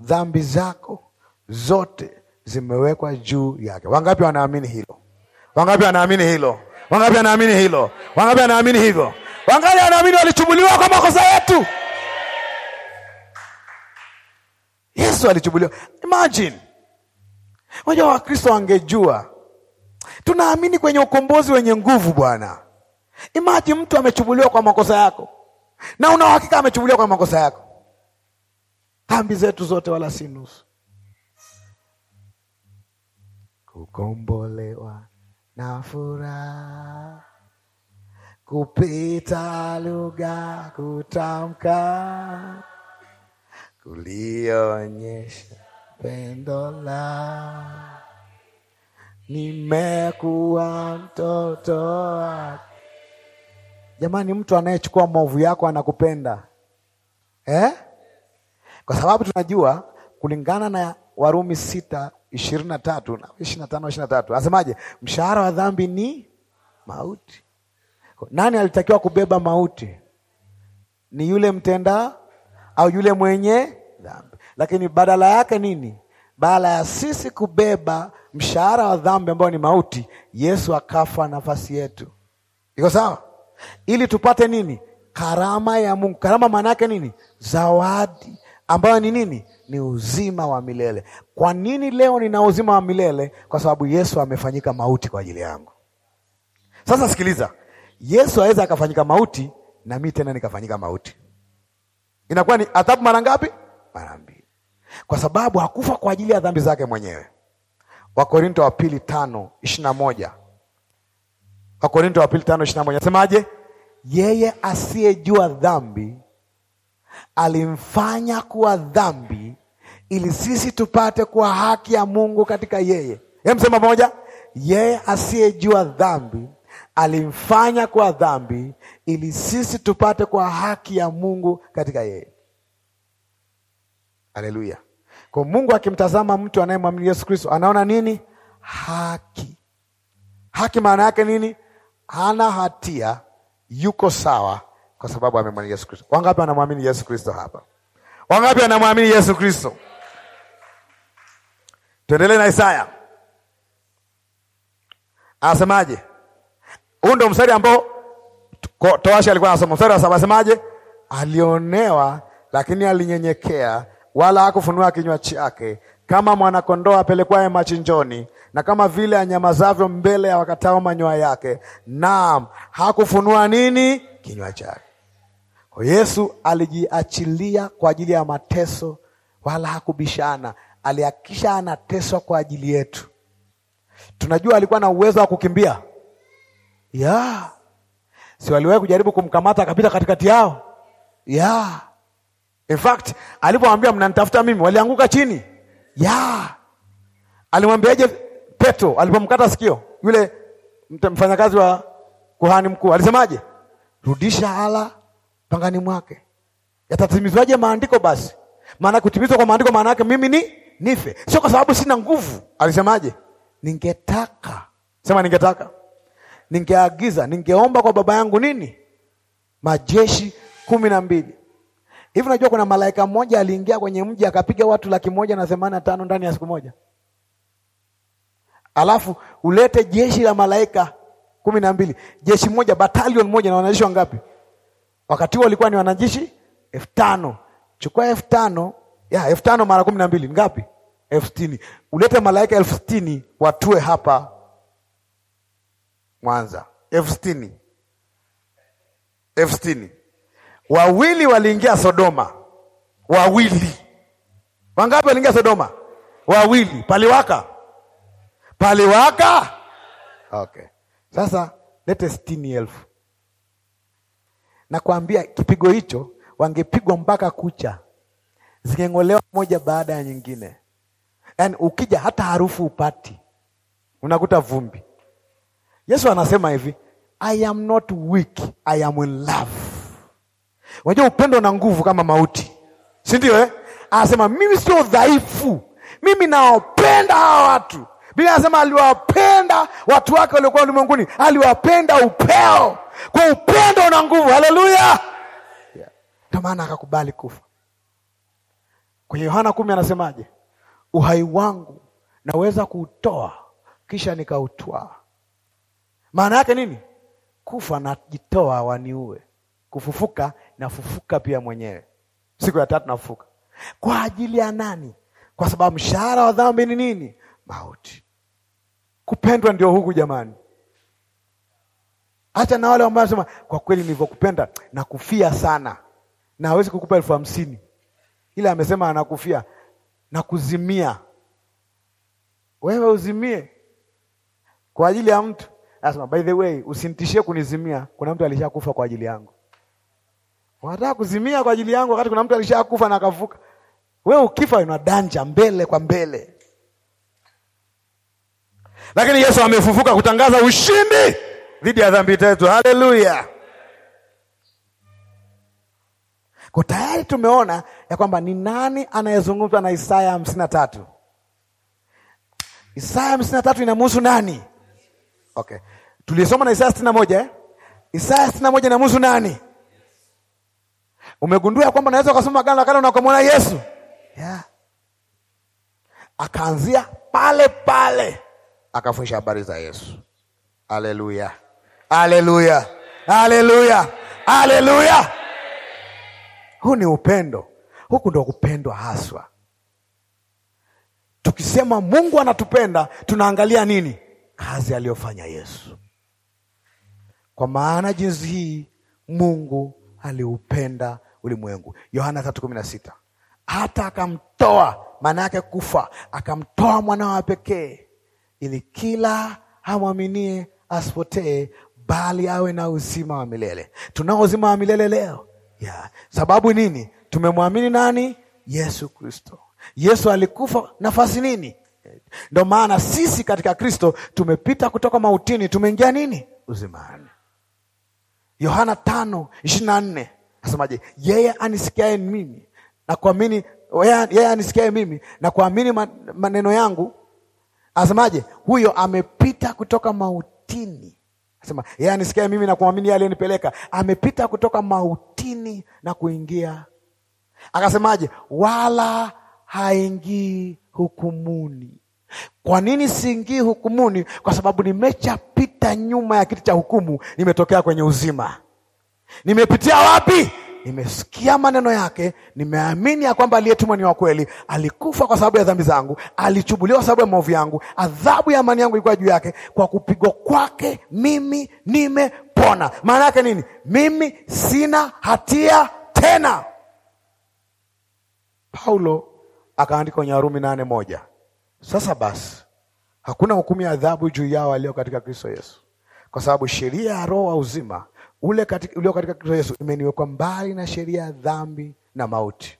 dhambi zako zote zimewekwa juu yake. Wangapi wanaamini hilo? Wangapi wanaamini hilo? Wangapi wanaamini hilo? Wangapi wanaamini hivyo? Wangapi wanaamini walichubuliwa kwa makosa yetu? Yesu alichubuliwa. Imagine waja wa Kristo wangejua tunaamini kwenye ukombozi wenye nguvu Bwana. Imagine mtu amechubuliwa kwa makosa yako, na una uhakika amechubuliwa kwa makosa yako. Dhambi zetu zote wala si nusu kukombolewa na furaha kupita lugha kutamka kulionyesha pendo la nimekuwa mtoto wake. Jamani, mtu anayechukua maovu yako anakupenda eh? Kwa sababu tunajua kulingana na Warumi sita ishirini na tatu na ishirini na tano ishirini na tatu anasemaje? Mshahara wa dhambi ni mauti. Nani alitakiwa kubeba mauti? Ni yule mtenda au yule mwenye dhambi, lakini badala yake nini? Badala ya sisi kubeba mshahara wa dhambi ambao ni mauti, Yesu akafa nafasi yetu. Iko sawa? Ili tupate nini? Karama ya Mungu. Karama maana yake nini? Zawadi ambayo ni nini? ni uzima wa milele. Kwa nini leo nina uzima wa milele? Kwa sababu Yesu amefanyika mauti kwa ajili yangu. Sasa sikiliza, Yesu aweza akafanyika mauti na mi tena nikafanyika mauti, inakuwa ni adhabu mara ngapi? Mara mbili, kwa sababu hakufa kwa ajili ya dhambi zake mwenyewe. Wakorinto wa pili tano ishirini na moja Wakorinto wa pili tano ishirini na moja nasemaje? Yeye asiyejua dhambi alimfanya kuwa dhambi ili sisi tupate kuwa haki ya Mungu katika yeye. Hebu sema pamoja, yeye asiyejua dhambi alimfanya kuwa dhambi ili sisi tupate kuwa haki ya Mungu katika yeye. Haleluya! Kwa Mungu akimtazama mtu anayemwamini Yesu Kristo anaona nini? Haki. Haki maana yake nini? Hana hatia, yuko sawa kwa sababu amemwamini Yesu Kristo. Wangapi wanamwamini Yesu Kristo hapa? Wangapi wanamwamini Yesu Kristo? Tuendelee na Isaya, anasemaje? Huu ndio mstari ambao toashi alikuwa anasoma mstari wa saba, anasemaje? Alionewa lakini alinyenyekea, wala hakufunua kinywa chake, kama mwanakondoo apelekwaye machinjoni, na kama vile anyamazavyo mbele ya wakatao manyoya yake, naam, hakufunua nini kinywa chake. Kwa Yesu alijiachilia kwa ajili ya mateso, wala hakubishana. Alihakikisha anateswa kwa ajili yetu. Tunajua alikuwa na uwezo wa kukimbia ya si waliwahi kujaribu kumkamata akapita katikati yao ya in fact, alipowaambia mnanitafuta mimi, walianguka chini ya alimwambiaje? Petro alipomkata sikio yule mfanyakazi wa kuhani mkuu alisemaje? Rudisha ala pangani mwake. Yatatimizwaje maandiko basi? Maana kutimizwa kwa maandiko maana yake mimi ni nife, sio kwa sababu sina nguvu. Alisemaje? Ningetaka sema, ningetaka, ningeagiza, ningeomba kwa baba yangu nini, majeshi kumi na mbili hivi. Unajua kuna malaika mmoja aliingia kwenye mji akapiga watu laki moja na themanini na tano ndani ya siku moja, alafu ulete jeshi la malaika kumi na mbili, jeshi moja, batalion moja, na wanajeshi wangapi? Wakati huo walikuwa ni wanajeshi elfu tano. Chukua elfu tano ya elfu tano mara kumi na mbili ngapi? elfu sitini. Ulete malaika elfu sitini watue hapa Mwanza, elfu sitini elfu sitini. Wawili waliingia Sodoma, wawili. Wangapi waliingia Sodoma? Wawili. Paliwaka, paliwaka. Okay, sasa lete sitini elfu na kuambia kipigo hicho wangepigwa mpaka kucha zingeng'olewa moja baada ya nyingine. Yaani ukija hata harufu upati, unakuta vumbi. Yesu anasema hivi, I am not weak, I am in love. Wajua upendo na nguvu kama mauti, si ndio eh? Anasema mimi sio dhaifu, mimi nawapenda hawa watu Biblia anasema aliwapenda watu wake waliokuwa ulimwenguni, aliwapenda upeo. Kwa upendo una nguvu. Haleluya! Ndio yeah. Maana akakubali kufa. Kwenye Yohana kumi anasemaje? Uhai wangu naweza kuutoa kisha nikautwaa. Maana yake nini? Kufa najitoa waniue, kufufuka nafufuka pia mwenyewe, siku ya tatu nafufuka. Kwa ajili ya nani? Kwa sababu mshahara wa dhambi ni nini? Mauti. Kupendwa ndio huku jamani, hata na wale ambao wanasema kwa kweli nilivyokupenda nakufia sana, na hawezi kukupa elfu hamsini ila amesema anakufia na kuzimia. Wewe uzimie kwa ajili ya mtu, anasema by the way, usinitishie kunizimia, kuna mtu alishakufa kwa ajili yangu. Wanataka kuzimia kwa ajili yangu wakati kuna mtu alishakufa na akavuka. Wewe ukifa una danja mbele kwa mbele lakini Yesu amefufuka kutangaza ushindi dhidi ya dhambi zetu. Haleluya! Kwa tayari tumeona ya kwamba ni nani anayezungumzwa na Isaya hamsini na tatu. Isaya hamsini na tatu inamuhusu nani? Okay, tulisoma na Isaya sitini na moja eh? Isaya sitini na moja inamuhusu nani? Umegundua kwamba naweza ukasoma Agano la Kale na ukamwona Yesu yeah. Akaanzia pale pale akafundisha habari za Yesu. aleluya aleluya, aleluya, aleluya! Huu ni upendo, huku ndo kupendwa haswa. Tukisema Mungu anatupenda, tunaangalia nini? Kazi aliyofanya Yesu. Kwa maana jinsi hii Mungu aliupenda ulimwengu, Yohana tatu kumi na sita, hata akamtoa, maana yake kufa, akamtoa mwana pekee ili kila amwaminie asipotee, bali awe na uzima wa milele. Tunao uzima wa milele leo yeah. Sababu nini? Tumemwamini nani? Yesu Kristo. Yesu alikufa nafasi nini? ndo maana sisi katika Kristo tumepita kutoka mautini, tumeingia nini? Uzimani. Yohana tano ishirini na nne nasemaje? Yeye anisikiae mimi na kuamini, yeye anisikiae mimi na kuamini maneno yangu Asemaje? Huyo amepita kutoka mautini, asema yeye anisikia mimi na kumwamini yeye aliyenipeleka, amepita kutoka mautini na kuingia. Akasemaje? wala haingii hukumuni. Kwa nini siingii hukumuni? Kwa sababu nimeshapita nyuma ya kiti cha hukumu, nimetokea kwenye uzima. Nimepitia wapi? nimesikia maneno yake, nimeamini ya kwamba aliyetumwa ni wa kweli, alikufa kwa sababu ya dhambi zangu, alichubuliwa kwa sababu ya maovu yangu, adhabu ya amani yangu ilikuwa juu yake, kwa kupigwa kwake mimi nimepona. Maana yake nini? Mimi sina hatia tena. Paulo akaandika kwenye Warumi nane moja sasa basi hakuna hukumu ya adhabu juu yao walio katika Kristo Yesu, kwa sababu sheria ya roho wa uzima ule katika, ulio katika Kristo Yesu imeniwekwa mbali na sheria ya dhambi na mauti.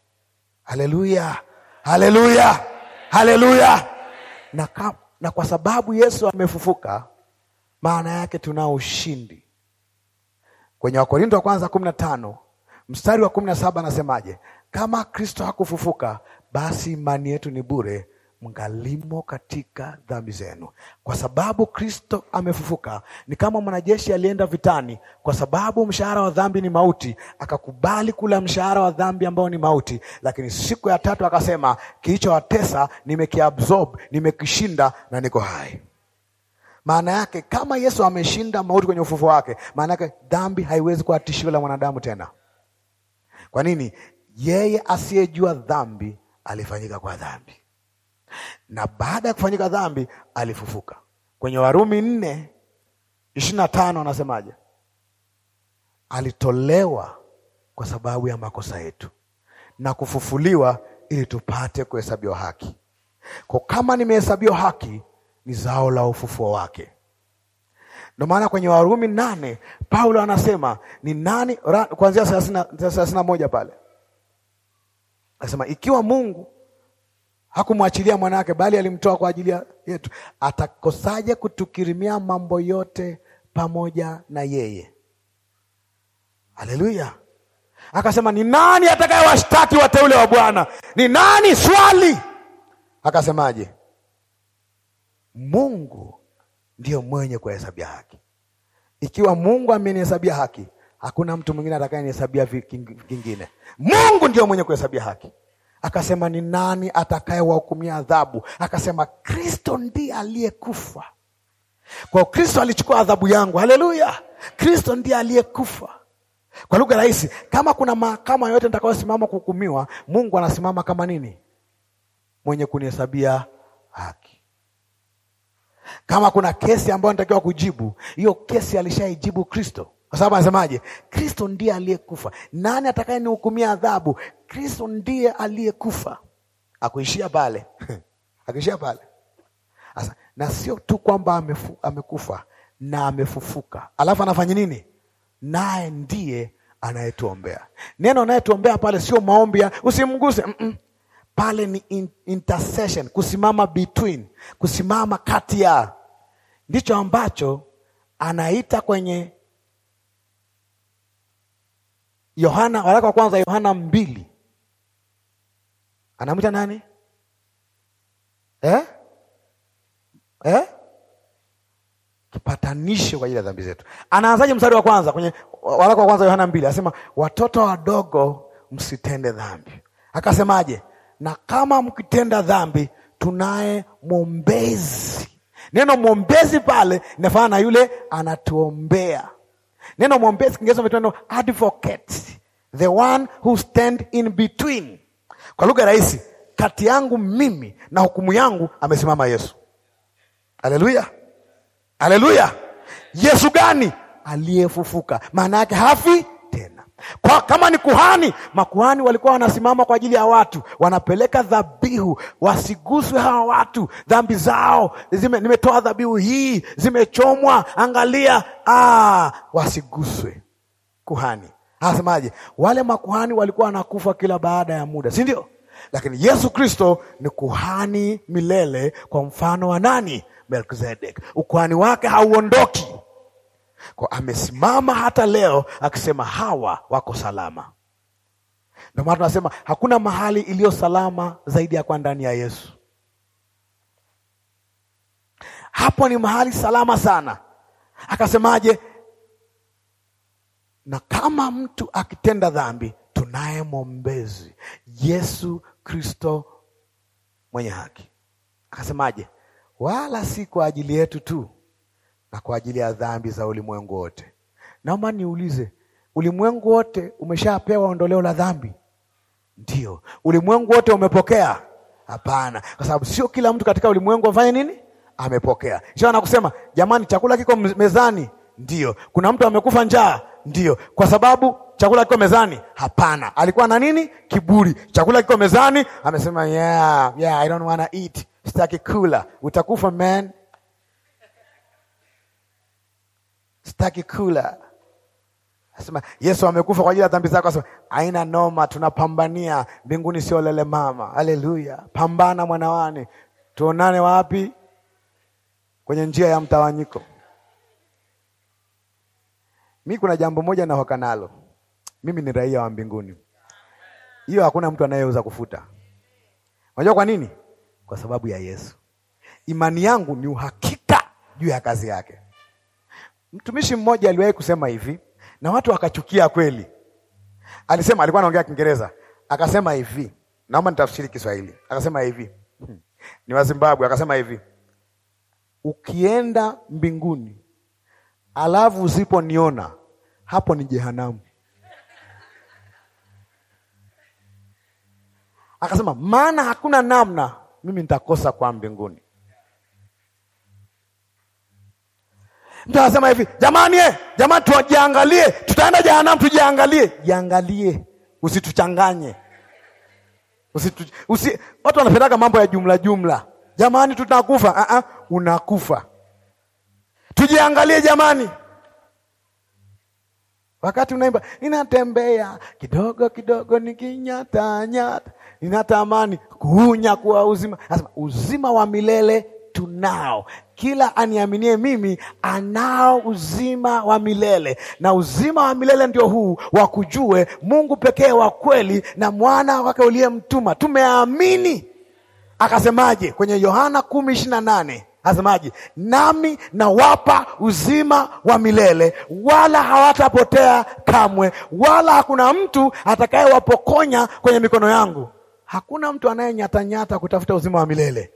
Haleluya, haleluya, haleluya! Na, na kwa sababu Yesu amefufuka, maana yake tunao ushindi. Kwenye Wakorinto wa kwanza kumi na tano mstari wa kumi na saba anasemaje? Kama Kristo hakufufuka, basi imani yetu ni bure, mngalimo katika dhambi zenu, kwa sababu Kristo amefufuka. Ni kama mwanajeshi alienda vitani, kwa sababu mshahara wa dhambi ni mauti, akakubali kula mshahara wa dhambi ambao ni mauti, lakini siku ya tatu akasema, kilichowatesa nimekiabsorb, nimekishinda na niko hai. Maana yake kama Yesu ameshinda mauti kwenye ufufu wake, maana yake dhambi haiwezi kuwa tishio la mwanadamu tena. Kwa nini? Yeye asiyejua dhambi alifanyika kwa dhambi na baada ya kufanyika dhambi alifufuka. Kwenye Warumi nne ishirini na tano anasemaje? Alitolewa kwa sababu ya makosa yetu na kufufuliwa ili tupate kuhesabiwa haki. Kwa kama nimehesabiwa haki, ni zao la ufufuo wake. ndo maana kwenye Warumi nane Paulo anasema ni nani, kuanzia thelathini na moja pale anasema ikiwa Mungu hakumwachilia mwanawake, bali alimtoa kwa ajili yetu. Atakosaje kutukirimia mambo yote pamoja na yeye? Haleluya! Akasema, ni nani atakayewashtaki wateule wa Bwana? Ni nani swali? Akasemaje? Mungu ndiyo mwenye kuhesabia haki. Ikiwa Mungu amenihesabia haki, hakuna mtu mwingine atakayenihesabia kingine. Mungu ndiyo mwenye kuhesabia haki. Akasema, ni nani atakayewahukumia adhabu? Akasema, Kristo ndiye aliyekufa. Kwa Kristo alichukua adhabu yangu. Haleluya! Kristo ndiye aliyekufa. Kwa lugha rahisi, kama kuna mahakama yoyote nitakayosimama kuhukumiwa, Mungu anasimama kama nini? Mwenye kunihesabia haki. Kama kuna kesi ambayo natakiwa kujibu, hiyo kesi alishaijibu Kristo kwa sababu anasemaje? Kristo ndiye aliyekufa. Nani atakayenihukumia adhabu? Kristo ndiye aliyekufa. Akuishia pale *laughs* akuishia pale sasa. Na sio tu kwamba amekufa na amefufuka, alafu anafanya nini? Naye ndiye anayetuombea. Neno anayetuombea pale sio maombi ya usimguse, mm -mm. Pale ni in, intercession, kusimama between, kusimama kati ya, ndicho ambacho anaita kwenye Yohana waraka wa kwanza Yohana mbili anamwita nani eh? Eh? Kipatanisho kwa ajili ya dhambi zetu. Anaanzaje mstari wa kwanza kwenye waraka wa kwanza Yohana mbili? Anasema watoto wadogo, msitende dhambi. Akasemaje? Na kama mkitenda dhambi, tunaye mwombezi. Neno mwombezi pale inafanana na yule anatuombea Neno mwombezi Kiingereza umetumia advocate, the one who stand in between. Kwa lugha rahisi, kati yangu mimi na hukumu yangu amesimama Yesu. Haleluya, haleluya! Yesu gani? Aliyefufuka, maana yake hafi kwa kama ni kuhani, makuhani walikuwa wanasimama kwa ajili ya watu, wanapeleka dhabihu, wasiguswe hawa watu, dhambi zao zime, nimetoa dhabihu hii, zimechomwa, angalia, ah, wasiguswe. Kuhani anasemaje? Wale makuhani walikuwa wanakufa kila baada ya muda, si ndio? Lakini Yesu Kristo ni kuhani milele, kwa mfano wa nani? Melkizedek. Ukuhani wake hauondoki kwa amesimama hata leo akisema hawa wako salama. Ndio maana tunasema hakuna mahali iliyo salama zaidi ya kwa ndani ya Yesu. Hapo ni mahali salama sana. Akasemaje? Na kama mtu akitenda dhambi, tunaye mwombezi Yesu Kristo mwenye haki. Akasemaje? Wala si kwa ajili yetu tu, na kwa ajili ya dhambi za ulimwengu wote. Naomba niulize, ulimwengu wote umeshapewa ondoleo la dhambi? Ndio. Ulimwengu wote umepokea? Hapana, kwa sababu sio kila mtu katika ulimwengu afanye nini, amepokea. Sio anakusema jamani, chakula kiko mezani. Ndio. Kuna mtu amekufa njaa? Ndio. Kwa sababu chakula kiko mezani? Hapana, alikuwa na nini? Kiburi. Chakula kiko mezani, amesema yeah, yeah, I don't wanna eat, sitaki kula. Utakufa man. sitaki kula. Asema Yesu amekufa kwa ajili ya dhambi zako. Asema aina noma, tunapambania mbinguni, sio lele mama. Haleluya, pambana mwanawani. Tuonane wapi? Kwenye njia ya mtawanyiko. Mi kuna jambo moja na nalo, mimi ni raia wa mbinguni. Hiyo hakuna mtu anayeweza kufuta. Unajua kwa nini? Kwa sababu ya Yesu. Imani yangu ni uhakika juu ya kazi yake. Mtumishi mmoja aliwahi kusema hivi na watu wakachukia kweli. Alisema, alikuwa anaongea Kiingereza akasema hivi, naomba nitafsiri Kiswahili. Akasema hivi hmm, ni wa Zimbabwe, akasema hivi, ukienda mbinguni alafu usiponiona hapo ni jehanamu. Akasema maana hakuna namna mimi nitakosa kwa mbinguni. Mtu anasema hivi, jamani eh, jamani tujiangalie, tutaenda jehanamu, tujiangalie. Jiangalie, usituchanganye. Usitu, usi, watu wanapendaga mambo ya jumla jumla. Jamani tutakufa. uh -uh, unakufa. Tujiangalie jamani. Wakati unaimba ninatembea kidogo kidogo, nikinyatanyata, ninatamani kuunya kuwa uzima. Nasema uzima wa milele tunao kila aniaminie mimi anao uzima wa milele, na uzima wa milele ndio huu wa kujue Mungu pekee wa kweli na mwana wake uliyemtuma. Tumeamini. Akasemaje kwenye Yohana kumi ishirini na nane? Asemaje? Nami nawapa uzima wa milele, wala hawatapotea kamwe, wala hakuna mtu atakayewapokonya kwenye mikono yangu. Hakuna mtu anayenyatanyata kutafuta uzima wa milele.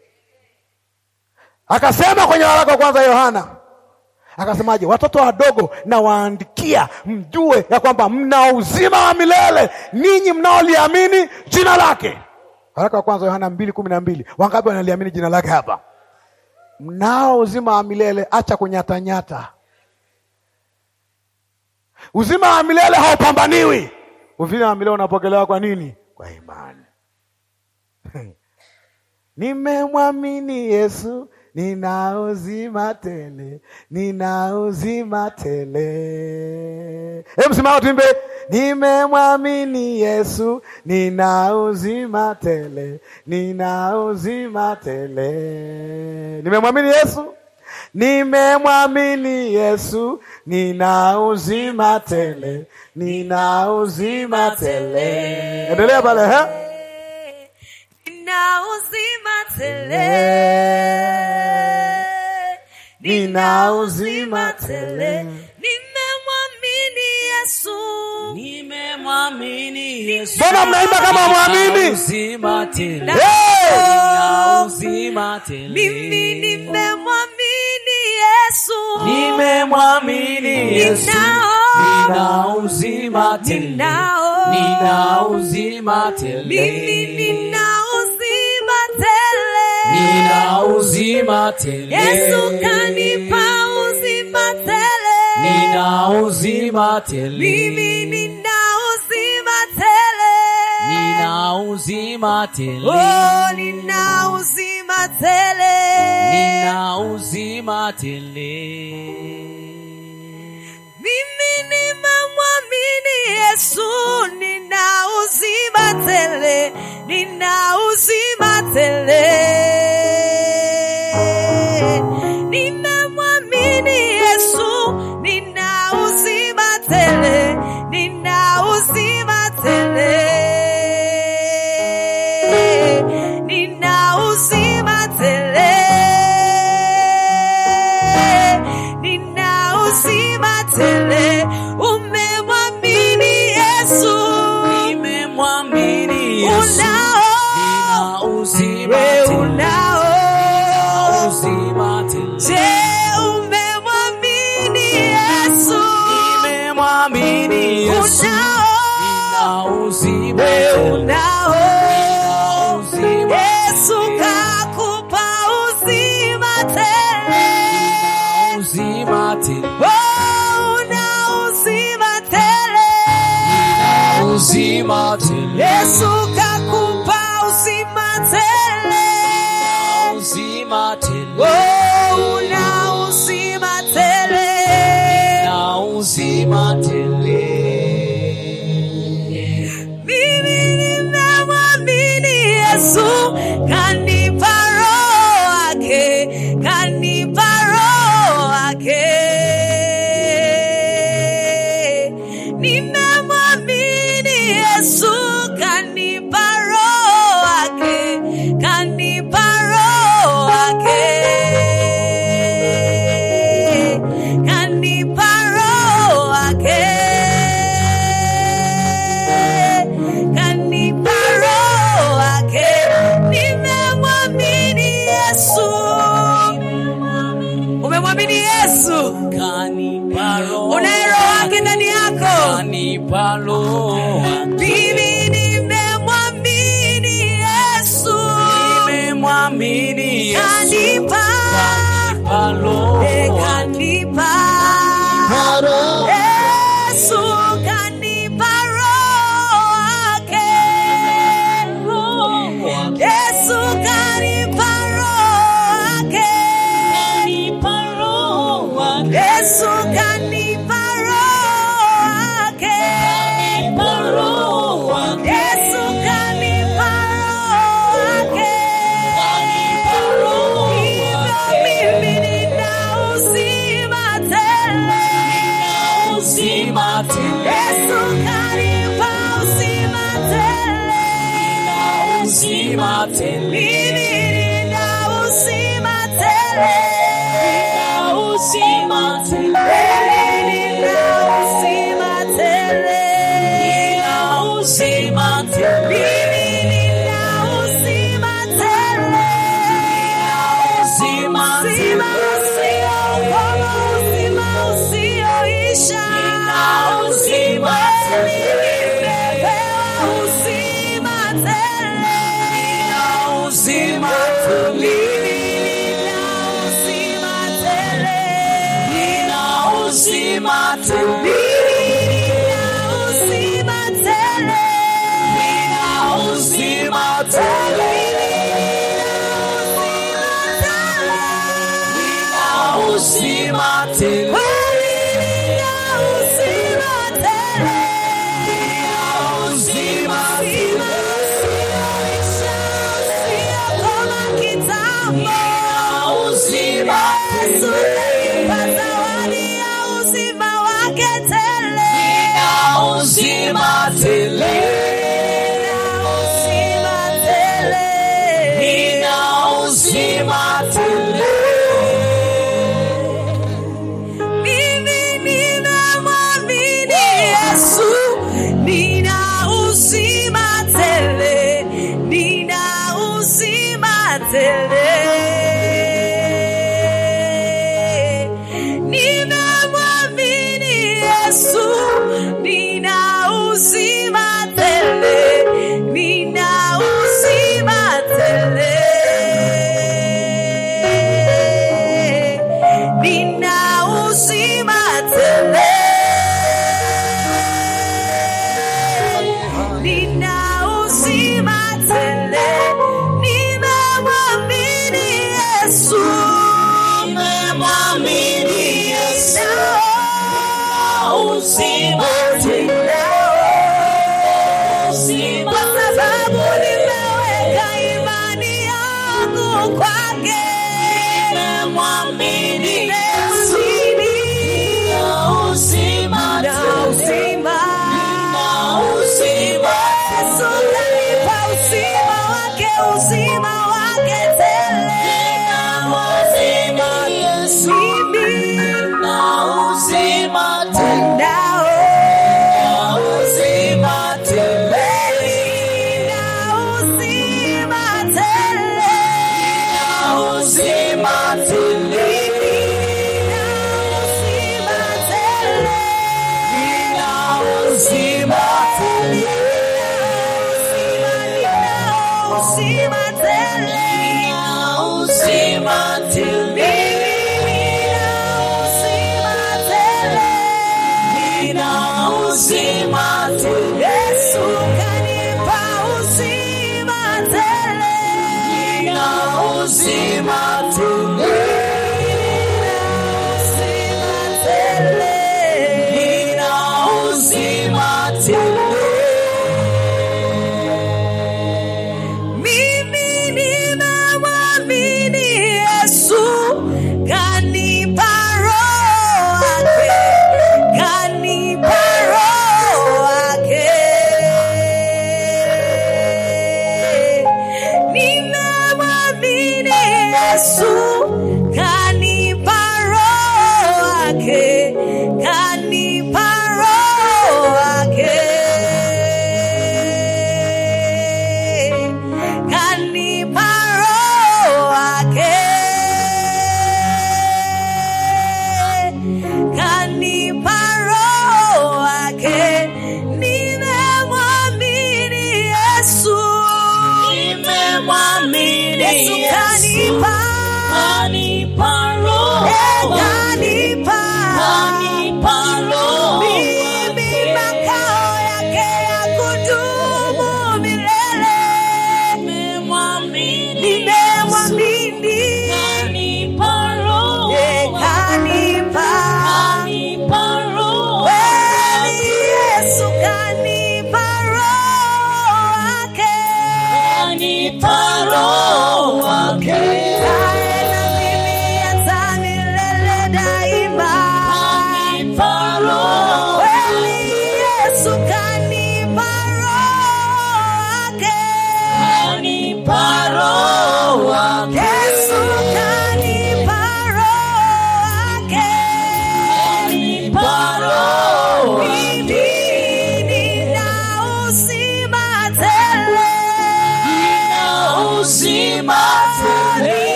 Akasema kwenye waraka wa kwanza Yohana akasemaje? Watoto wadogo na waandikia mjue ya kwamba mna uzima wa milele ninyi mnaoliamini jina lake. Waraka wa kwanza Yohana mbili kumi na mbili. Wangapi wanaliamini jina lake hapa? Mnao uzima wa milele, acha kunyatanyata. Uzima wa milele haupambaniwi. Uzima wa milele unapokelewa kwa nini? Kwa imani. *laughs* Nimemwamini Yesu nina uzima tele, nina uzima tele. Hebu simama tuimbe, nimemwamini Yesu, nina uzima tele, nina uzima tele. Nimemwamini Yesu, nimemwamini Yesu, nina uzima tele, nina uzima tele. Endelea pale, he nina uzima tele, nina uzima tele. Nimemwamini Yesu, nimemwamini Yesu. Mbona mnaimba kama mwamini? Uzima tele, uzima tele. Mimi nimemwamini Yesu, nimemwamini Yesu. Nina uzima tele, nina uzima tele. Mimi nina Nina uzima tele. Yesu kanipa uzima tele. Nina uzima tele. Mimi nina uzima tele. Nina uzima tele. Oh, nina uzima tele. Nina uzima tele. Mimi nimemwamini Yesu, nina uzima tele, nina uzima tele. Nimemwamini Yesu, nina uzima tele, nina uzima tele. 마지 예수 Victory!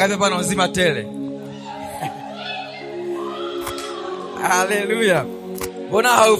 Wangapi hapa na uzima tele? Haleluya! Mbona